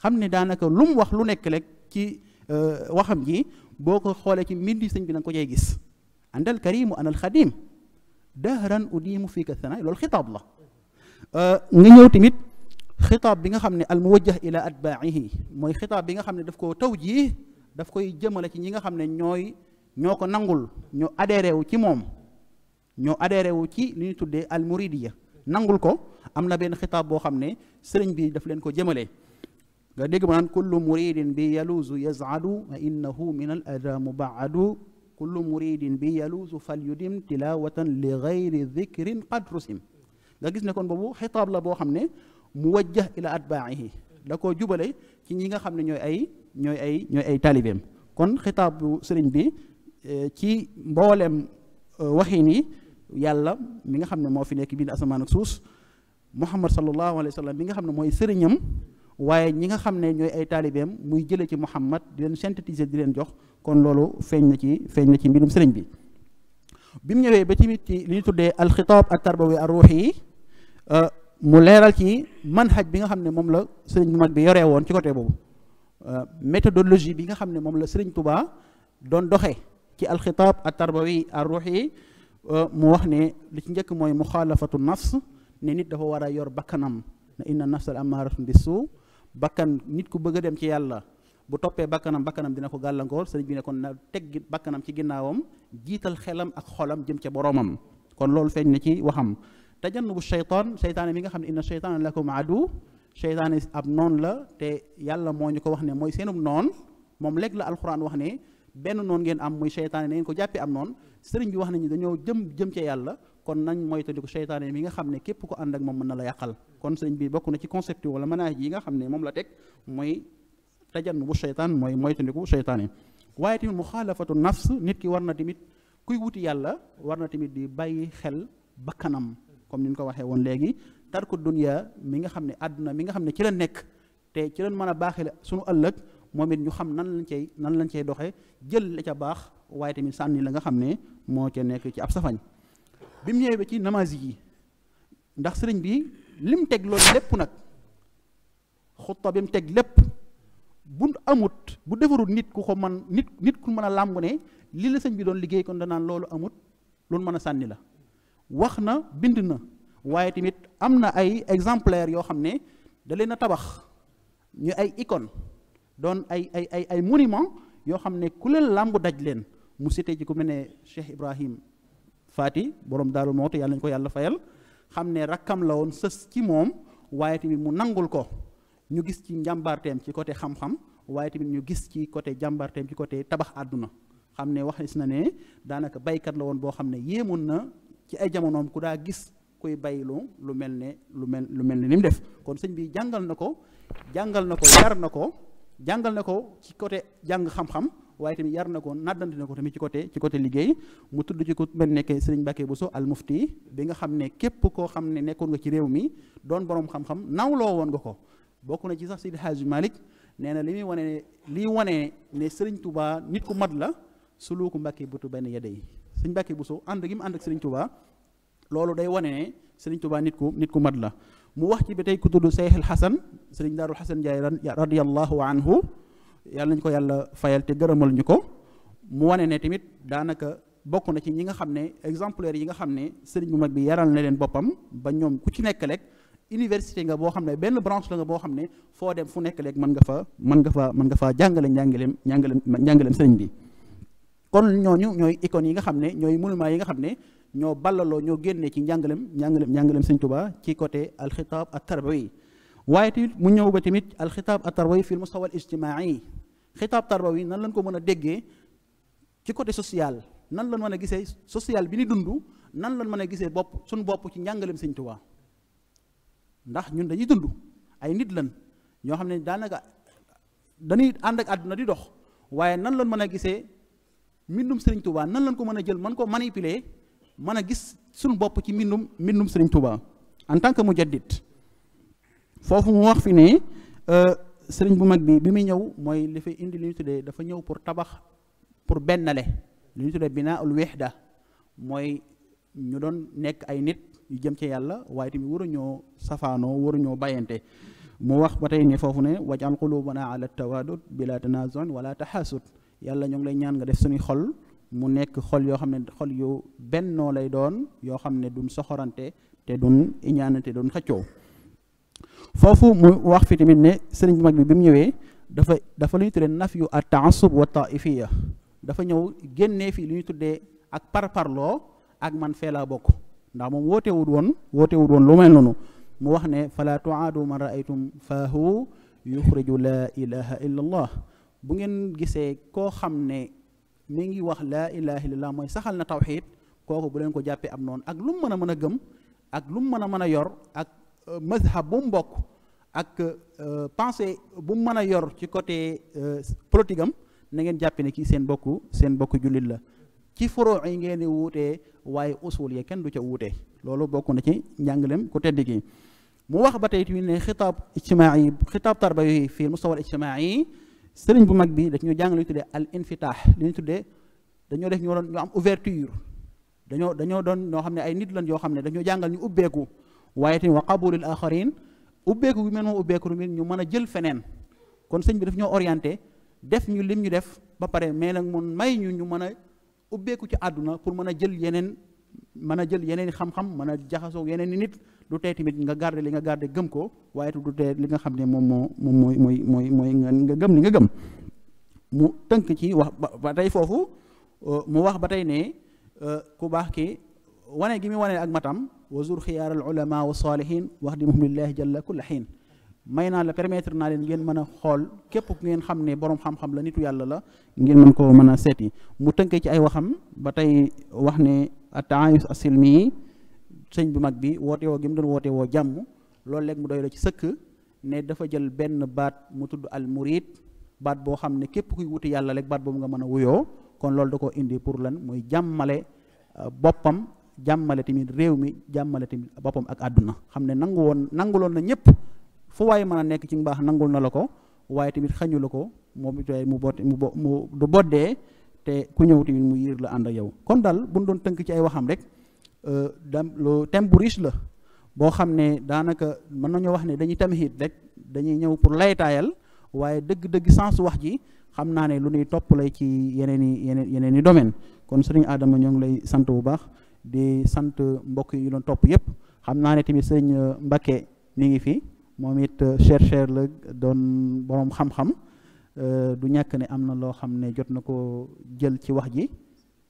xam ne daanaka lu mu wax lu nekk rek ci euh, waxam ji boo ko xoolee ci mbindi sëñ bi na ko cay gis antal karimu ana alxadim dahran udimu fii ka sanaay loolu xitaab la euh, nga ñëw tamit xitaab bi nga xam ne al ila atbaa'ihi mooy xitaab bi nga xam ne daf koo taw daf koy jëmale ci ñi nga xamne ñoy ñoko nangul ñu adhéré wu ci mom ñoo adhéré wu ci li ñu tuddé al muridiyya nangul ko amna ben khitab bo xamne sëriñ bi daf leen ko jëmale nga dégg ma kullu muridin bi yaluzu yazadu wa innahu min al ada mubaadu kullu muridin bi yaluzu falyudim tilawatan li ghayri dhikrin qad rusim nga gis ne kon bobu khitab la bo xamne muwajjah ila atba'ihi da ko jubale ci ñi nga xamne ñoy ay ñooy ay ñooy ay taalibeem kon xitaabu sëriñ bi ci mboolem waxin yi yàlla mi nga xam ne moo fi nekk biir asamaan ak suus muhammad sallallahu alayhi wa sallam mi nga xam ne mooy sëriñam waaye ñi nga xam ne ñooy ay taalibeem muy jële ci muhammad di leen synthétiser di leen jox kon loolu feeñ na ci feeñ na ci mbirum sëriñ bi bi mu ñëwee ba tamit ci li ñu tuddee alxitaab at tarbawi ar ruux yi mu leeral ci manhaj bi nga xam ne moom la sëriñ bu mag bi yoree woon ci côté boobu Euh, méthodologie bi nga xam ne moom la Serigne Touba doon doxe ci alxitaab at-tarbawi ar-ruuxi euh, mu wax ne li ci njëkk mooy muxaalafatu nafs ne nit dafa war a yor bakkanam na inna nafsal amaaratun bisu bakkan nit ku bëgg a dem ci yàlla bu toppee bakkanam bakkanam dina ko gàllankoor sëriñ bi ne kon na teg bakkanam ci ginnaawam jiital xelam ak xolam jëm ca boroomam kon lool feeñ na ci waxam tajannubu shaytaan shaytaan mi nga xam ne inna shaytaana lakum seytaane ab noon la te yàlla moo ñu ko wax ne mooy seenum noon moom léegi la alxuraan wax ne benn noon ngeen am muy seytaane na ko jàppee am noon seriñ bi wax nañu dañoo jëm jëm ca yàlla kon nañ moytandiku seytaane mi nga xam ne képp ko ànd ak moom mën na la yàqal kon sëriñ bi bokk na ci concept wala manaaj yi nga xam ne moom la teg mooy tajann bu seytaan mooy moytandiku seytaane waaye tamit mu xaalafatu nafs nit ki war na tamit kuy wuti yàlla war na tamit di bàyyi xel bakkanam comme ni ñu ko waxee woon léegi tarku dunya mi nga xam ne àdduna mi nga xam ne ci la nekk te ci lañ mën a baaxee sunu ëllëg moom it ñu xam nan lañ cay nan lañ cay doxee jël la ca baax waaye tamit sànni la nga xam ne moo ca nekk ci ab safañ bi ñëwee ba ci namaz yi ndax sëriñ bi lim teg loolu lépp nag xutta bi mu teg lépp bu amut bu defarul nit ku ko mën nit nit ku mën a làmb ne li la sëñ bi doon liggéey kon danaan loolu amut loolu mën a sànni la wax na bind na waye tamit amna ay exemplaires yo xamné da leena tabax ñu ay icône don ay ay ay ay monument yo xamné ne ku leen làmb daj leen mu cité ji ku mel Cheikh Ibrahim Fati borom darul Mawti yàlla ñu ko yàlla fayal xamné rakam la won sës ci mom waye tamit mu nangul ko ñu gis ci njambartem ci côté xam-xam waye tamit ñu gis ci côté jambartem ci côté tabax aduna xamné ne wax na ne danaka baykat la won bo xamné yémon na ci ay jamonoom ku daa gis kuy bayloo lu mel ne lu mel lu mel ne ni mu def kon sëñ bi jàngal na ko jàngal na ko yar na ko jàngal na ko ci côté jàng xam-xam waaye tamit yar na ko nàddante na ko tamit ci côté ci côté liggéey mu tudd ci ku mel ne sëriñ Mbacke Bousso al mufti bi nga xam ne képp koo xam ne nekkoon nga ci réew mi doon boroom xam-xam nawloo woon nga ko bokk na ci sax Seydi Hadji Malick nee na li muy wane ne liy wane ne sëriñ Touba nit ku mat la suluuku Mbacke Bousso benn yedde yi sëriñ Mbacke Bousso ànd gi mu ànd ak sëriñ lolu day wone ne Serigne Touba nit ku nit ku mat la mu wax ci ba ku tuddu tudd al hasan Serigne hasan jayran ya radiyallahu anhu yalla nañ ko yalla fayal te geureumal ñuko mu wone ne timit danaka bokku na ci ñi nga xamne exemplaire yi nga xamne Serigne bu mag bi yaral na len bopam ba ñom ku ci nekk lek université nga bo xamne benn branche la nga bo xamne fo dem fu nekk lek man nga fa man nga fa man nga fa jangale njàngaleem njàngaleem njàngaleem Serigne bi kon ñoñu ñoy icônes yi nga xamne ñoy ñooy monument yi nga xamne ñoo ballaloo ñoo génnee ci njàngalem njàngalem njàngalem sëñ Tuubaa ci côté alxitaab at tarbawi waaye tamit mu ñëw ba tamit alxitaab at tarbawi fi l mustawa al ijtimaai xitaab tarbawi nan lañ ko mën a déggee ci côté social nan lañ mën a gisee social bi ni dund nan lañ mën a gisee bopp suñu bopp ci njàngalem sëñ Tuubaa ndax ñun dañuy dund ay nit lan ñoo xam ne daanaka dañuy ànd ak àdduna di dox waaye nan lañ mën a gisee mbindum sëriñ Tuubaa nan lañ ko mën a jël mën ko manipuler mën a gis suñ bopp ci mbindum mbindum sëriñ Touba en tant que mujaddid foofu mu wax fi ne euh, sëriñ bu mag bi bi muy ñëw mooy li fay indi li ñu tuddee dafa ñëw pour tabax pour bennale lu ñu tuddee binaa ul wixda mooy ñu doon nekk ay nit yu jëm ci yàlla waaye tamit waruñoo safaanoo waruñoo bayante mu wax ba tey ne foofu ne wajal qulubana bilaa tawadud bila tanazun wala taxaasud yàlla ñoo ngi lay ñaan nga def suñuy xol mu nekk xol yoo xam ne xol yu bennoo lay doon yoo xam ne duñ soxorante te duñ iñaanante duñ xëccoo foofu mu wax fi tamit ne sëriñ bu mag bi bi mu ñëwee dafa dafa lu ñu tuddee naf yu at taasub wa taifiya dafa ñëw génnee fi lu ñu tuddee ak parparloo ak man fee laa bokk ndax moom wootewut woon wootewut woon lu mel noonu mu wax ne fala tuaadu man raaytum faahu yuxriju la ilaha illa allah bu ngeen gisee koo xam ne mi ngi wax laa ilaha illallah mooy saxal na tawxiid kooku bu leen ko jàppee am noonu ak lu mu mën a mën a gëm ak lu mu mën a mën a yor ak euh, mazhab bu mu bokk ak euh, pensée bu mu mën a yor ci côté euh, politique am na ngeen jàppe ne kii seen bokk seen bokku jullit la ci foro yi ngeen di wuutee waaye usul ya kenn du ca wuute loolu bokk na ci njàngalem ku tedd gi mu wax ba tey tamit ne xitaab ijtimaai xitaab tarbawi fii mustawa ijtimaai sëriñ bu mag bi daf ñoo jàng lu ñu tuddee al infitaax li ñu tuddee dañoo def ñoo doon ñoo am ouverture dañoo dañoo doon ñoo xam ne ay nit lan yoo xam ne dañoo jàngal ñu ubbeeku waaye tamit wa qabulil axarin ubbeeku bi mel moom ubbeeku bi ñu mën a jël feneen kon sëñ bi daf ñoo orienté def ñu lim ñu def ba pare mais nag mun may ñu ñu mën a ubbeeku ci àdduna pour mën a jël yeneen mën a jël yeneen i xam-xam mën a jaxasoo yeneen nit du tey tamit nga garder li nga garder gëm ko waaye du tey li nga xam ne moom moo moom mooy mooy mooy mooy nga gëm li nga gëm mu tënk ci wax ba tey foofu euh, mu wax ba tey ne euh, ku baax ki wane gi mu wane ak matam wa zur xiyaar al ulama wa salihin wax di muhum lillahi jalla kulla xiin may naa la permettre naa leen ngeen mën a xool képp ku ngeen xam ne borom xam-xam la nitu yàlla la ngeen mën koo mën a seeti mu tënkee ci ay waxam ba tey wax ne ataayus asilmi sëñ bu mag bi woote woo doon woote woo jàmm loolu léegi mu doy la ci sëkk ne dafa jël benn baat mu tudd al murid baat boo xam ne képp kuy wuti yàlla rek baat boo boobu nga mën a wuyoo kon loolu da ko indi pour lan muy jàmmale euh, boppam jàmmale tamit réew mi jàmmale tamit boppam ak àdduna xam ne nangu woon nanguloon na ñëpp fu waaye mën a nekk ci mbaax nangul na la ko waaye tamit xañu ko moom it mu botte mu bo mu du boddee te ku ñëw tamit mu yiir la ànd yow kon daal bu doon tënk ci waxam rek Euh, thème bu riche la boo xam ne daanaka mën nañoo wax ne dañuy tamhid rek dañuy ñëw pour laytaayal waaye dëgg-dëgg sens wax ji xam naa ne lu ñuy topp lay ci yeneen i yeneen yeneen i domaine kon sëriñ Adama ñoo ngi lay sant bu baax di sant mbokk yi doon topp yëpp xam naa ne tamit sëriñ Mbacke mi ngi fi moom it chercheur la doon borom xam-xam euh, du ñàkk ne am na loo xam ne jot na ko jël ci wax ji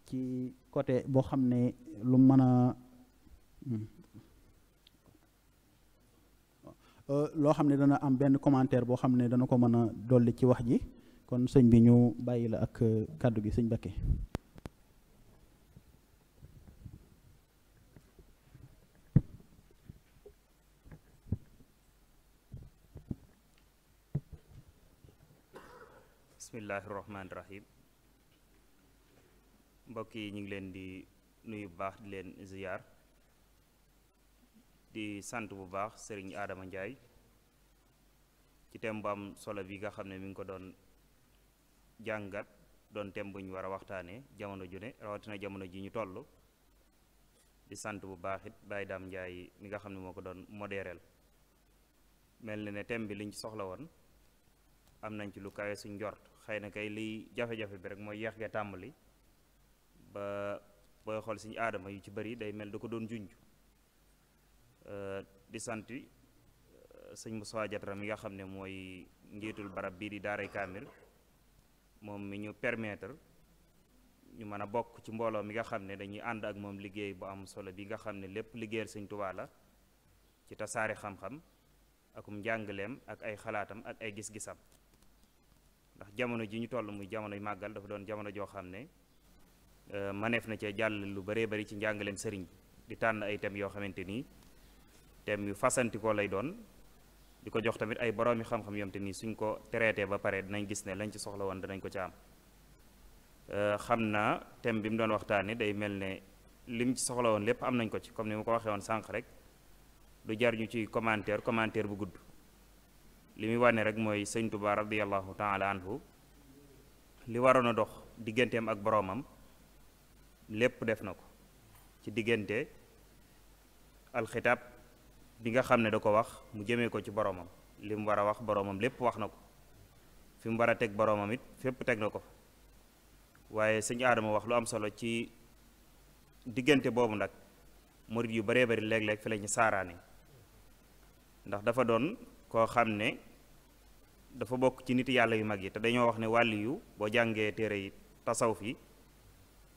ci côté bo xamné lu mëna a hmm. euh, loo xam dana am benn commentaire bo xamné dana ko mëna doli ci wax ji kon sëñ bi ñu bàyyi la ak euh, kàddu bi sëñ bakké Bismillahirrahmanirrahim. mbokk yi ñu ngi leen di nuyu bu baax di leen ziyaar di sant bu baax sëriñ aadama njaay ci thème solo bi nga xam ne mi ngi ko doon jàngat doon thème bu ñu war a waxtaanee jamono ju ne rawatina jamono ji ñu toll di sant bu baax it Baye Dame Ndiaye mi nga xam ne moo ko doon modéreel mel na ne thème bi liñ ci soxla woon am nañ ci lu kawe suñ njort xëy na kay liy jafe-jafe bi rek mooy yeex ga tàmbali. ba boy xol seigne adama yu ci bari day mel da ko doon euh di santi e, seigne moussa jatra mi nga xamne moy njitul barab bi di daray kamil mom mi ñu permettre ñu mëna bok ci mbolo mi nga xamne dañuy and ak mom liggéey bu am solo bi nga xamne lepp liggéeyal seigne touba la ci tassare xam xam akum jangalem ak ay xalaatam ak ay gis-gisam ndax jamono ji ñu tollu muy jamono magal dafa doon jamono jo xamne Euh, maneef na cee jàll lu bëree bëri ci njàngaleem sëriñ di tànn ay thèmes yoo xamante ni thèmes yu fasantikoo lay doon di ko jox tamit ay boroomi xam-xam yom te ni suñ ko traité ba pare dinañ gis ne lañ ci soxla woon danañ ko ci am euh, xam naa thème bi mu doon waxtaanee day mel ne lim ci soxla woon lépp am nañ ko ci comme ni ma ko waxee woon sànq rek du jar ñu ci commentaire commentaire bu gudd li muy wane rek mooy sëñ Tuubaa radiyallahu taala anhu li waroon a dox digganteem ak boroomam. lépp def na ko ci diggante alxitab bi nga xam ne da ko wax mu jëmee ko ci boroomam li mu war a wax boromam lépp wax na ko fi mu war a teg boromam it fépp teg na ko fa waaye sëñ aadama wax lu am solo ci diggante boobu nag morit yu baree bari léeg-léeg fi la ñu saaraane ndax dafa doon koo xam ne dafa bokk ci nit yàlla yu mag yi te dañoo wax ne wàlli yu boo jàngee téere yi tasawuf yi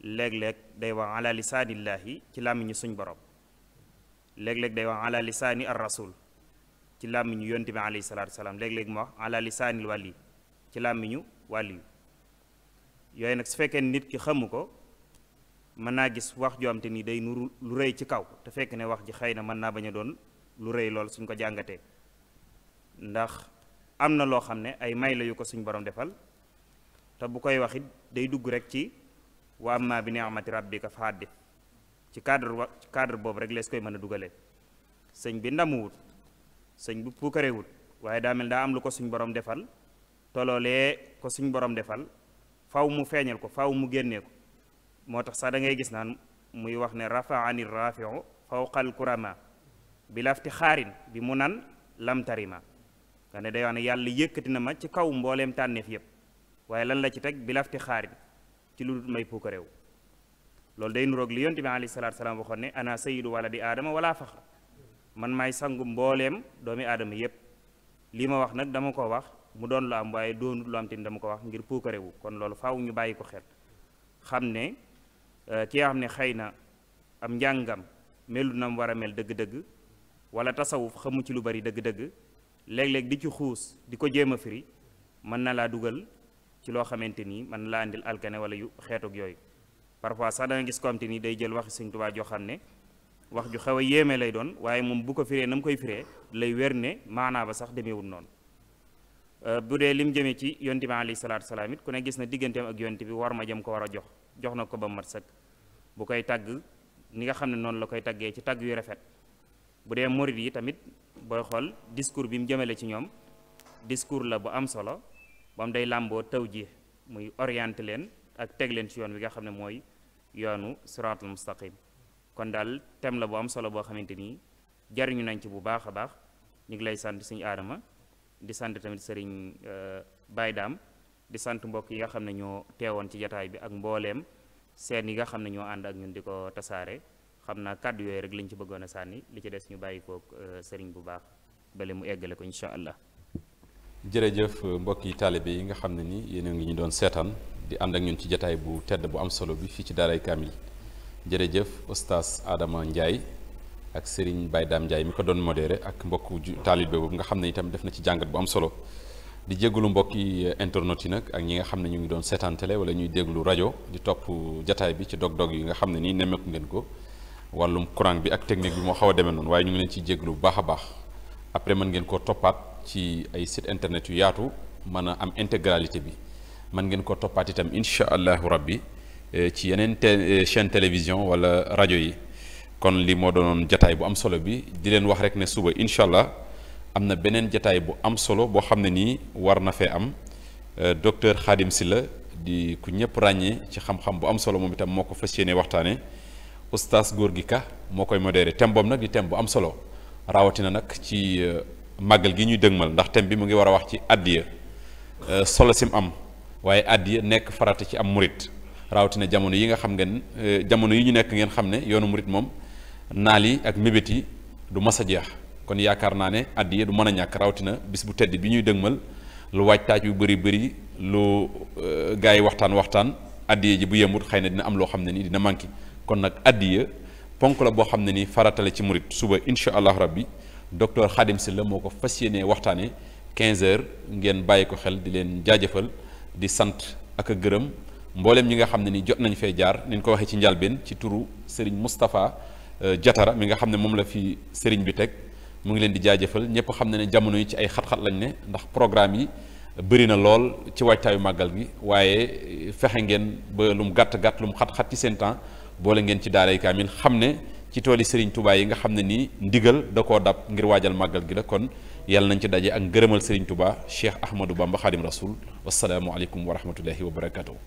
léeg-léeg day wax ala lisaanillaahi ci làmmiñu suñ borom léeg-léeg day wax ala lisaani ar rasul ci làmmiñu yonte bi alayhi salaam wasalaam léeg-léeg mu wax ala lisaanil wàlli ci làmmiñu wàlli yooyu nag su fekkee nit ki xamu ko mën naa gis wax joo am te ni day nuru lu rëy ci kaw te fekk ne wax ji xëy na mën naa bañ a doon lu rëy lool suñ ko jàngatee ndax am na loo xam ne ay may la ko suñ borom defal wa amma bi ni'mati rabbika fa ci cadre ci cadre bobu rek les koy meuna dugale señ bi ndamuwut señ bi puukarewut waye da mel da am lu ko suñ borom defal tolole ko suñ borom defal faw mu feñal ko faw mu genné ko motax sa da ngay gis nan muy wax ne rafaani rafiu fawqal kurama bi lafti bi munan lam tarima nga day wax ne yalla yëkkati na ma ci kaw mbolem tanef waye lan la ci tek bi lafti ci lu dul may puukareew loolu day nuroog li yonte bi alayhi salaatu salaam waxoon ne ana sayyidu waladi aadama wala faxr man may sangu mbooleem doomi aadama yépp lii ma wax nag dama ko wax mu doon lu am waaye doonut lu am te dama ko wax ngir puukarewu kon loolu faw ñu bàyyi ko xel xam ne eh, ki nga xam ne xëy na am njàngam melu na mu war dëgg-dëgg wala tasawuf xamu ci lu bari dëgg-dëgg léeg-léeg di ci xuus di ko jéem a firi mën na laa dugal ci loo xamante ni man laa andil alkane wala yu xeetuk yooyu parfois sax da gis ko te ni day jël waxi Sëñ Tuubaa joo xam ne wax ju xaw a yéeme lay doon waaye moom bu ko firee na mu koy firee lay wér ne maanaa ba sax demeewul noonu euh, bu dee lim jëmee ci yonti bi alayhi salaatu salaam it ku ne gis na digganteem ak yonti bi war ma jëm ko war a jox jox na ko ba mat sëkk bu koy tagg ni nga xam ne noonu la koy taggee ci tàgg yu rafet bu dee morit yi tamit bi mu jëmale ci ñoom la bu solo moom day làmboo taw ji muy orienté leen ak teg leen ci yoon wi nga xam ne mooy yoonu siraatul mustaqim kon daal tem la bu am solo boo xamante ni jariñu nañ ci bu baax a baax ñu ngi lay sant suñu aadama di sant tamit sëriñ euh, Baye Dame di sant mbokk yi nga xam ne ñoo teewoon ci jataay bi ak mbooleem seen yi nga xam ne ñoo ànd ak ñun di ko tasaare xam naa kàddu yooyu rek lañ ci bëggoon a sànni li ci des ñu bàyyi kook euh, sëriñ bu baax bale mu eggale ko incha allah jërëjëf mbokki taalibe yi nga xam ne nii yéen a ngi ñu doon seetaan di ànd ak ñun ci jataay bu tedd bu am solo bi fii ci daaray kaamil jërëjëf oustaz Adama Ndiaye ak Serigne Baye daam njaay mi ko doon modéré ak mbokk taalibe boobu nga xam ne itam def na ci jàngat bu am solo di jégalu mbokki euh, internet yi nag ak ñi nga xam ne ñu ngi doon seetaan télé wala ñuy déglu rajo di topp jataay bi ci dog-dog yi nga xam ne nii nemeeku ngeen ko wàllum courant bi ak technique bi moo xaw a demee noonu waaye ñu ngi leen ciy jégalu bu baax baax après mën ngeen koo toppaat ci ay site internet yu yaatu mën a am intégralité bi man ngeen ko toppaat itam incha allahu rabbi e, ci yeneen te e, chaîne télévision wala rajo yi kon li moo doonoon jataay bu am solo bi di leen wax rek ne suba incha allah am na beneen jataay bu am solo boo xam ne nii war na fee am e, docteur Khadim la di ku ñëpp ràññee ci xam-xam bu am solo moom itam moo ko fas yéene waxtaane oustaz góor gi ka moo koy modéré thème boobu nag di thème bu am solo rawatina nag ci màggal gi ñuy dëgmal ndax thème bi mu ngi war a wax ci addiya euh, solo sim am waaye addiya nekk farata ci am murit rawatina jamono yi nga xam ngeen euh, jamono yi ñu nekk ngeen xam ne yoonu murit moom naal yi ak mébét yi du mas a jeex kon yaakaar naa ne addiya du mën a ñàkk rawatina bis bu tedd bi ñuy dëgmal lu waajtaaj yu bëri bëri lu euh, gars yi waxtaan waxtaan addiya ji bu yemut xëy na dina am loo xam ne nii dina manqué kon nag addiya ponk la boo xam ne nii faratale ci murit suba incha allah rabbi docteur Khadim Sylla moo ko fas 15 h ngeen bayiko xel di len jajeufal di sante ak geureum mbollem ñi nga xamne ni jot nañ fe jaar niñ ko waxe ci njalbeen ci turu Serigne mustapha jatara mi nga xamne mom la fi Serigne bi tek mu ngi len di jajeufal ñëpp xamne ne jamono yi ci ay xat-xat lañ ne ndax programme yi bari na lool ci wajtaayu magal gi waye fexe ngeen ba lum gàtt gàtt lum xat-xat ci sen temps bo boole ngeen ci daalay kamil xamne ci tooli Serigne Touba yi nga xam ne nii ndigal da koo dab ngir waajal màggal gi la kon yàlla nañ ci daje ak ngërëmal Serigne Touba Cheikh Ahmadou Bamba Khadim Rasoul wasalaamualeykum wa rahmatullahi wa barakatuh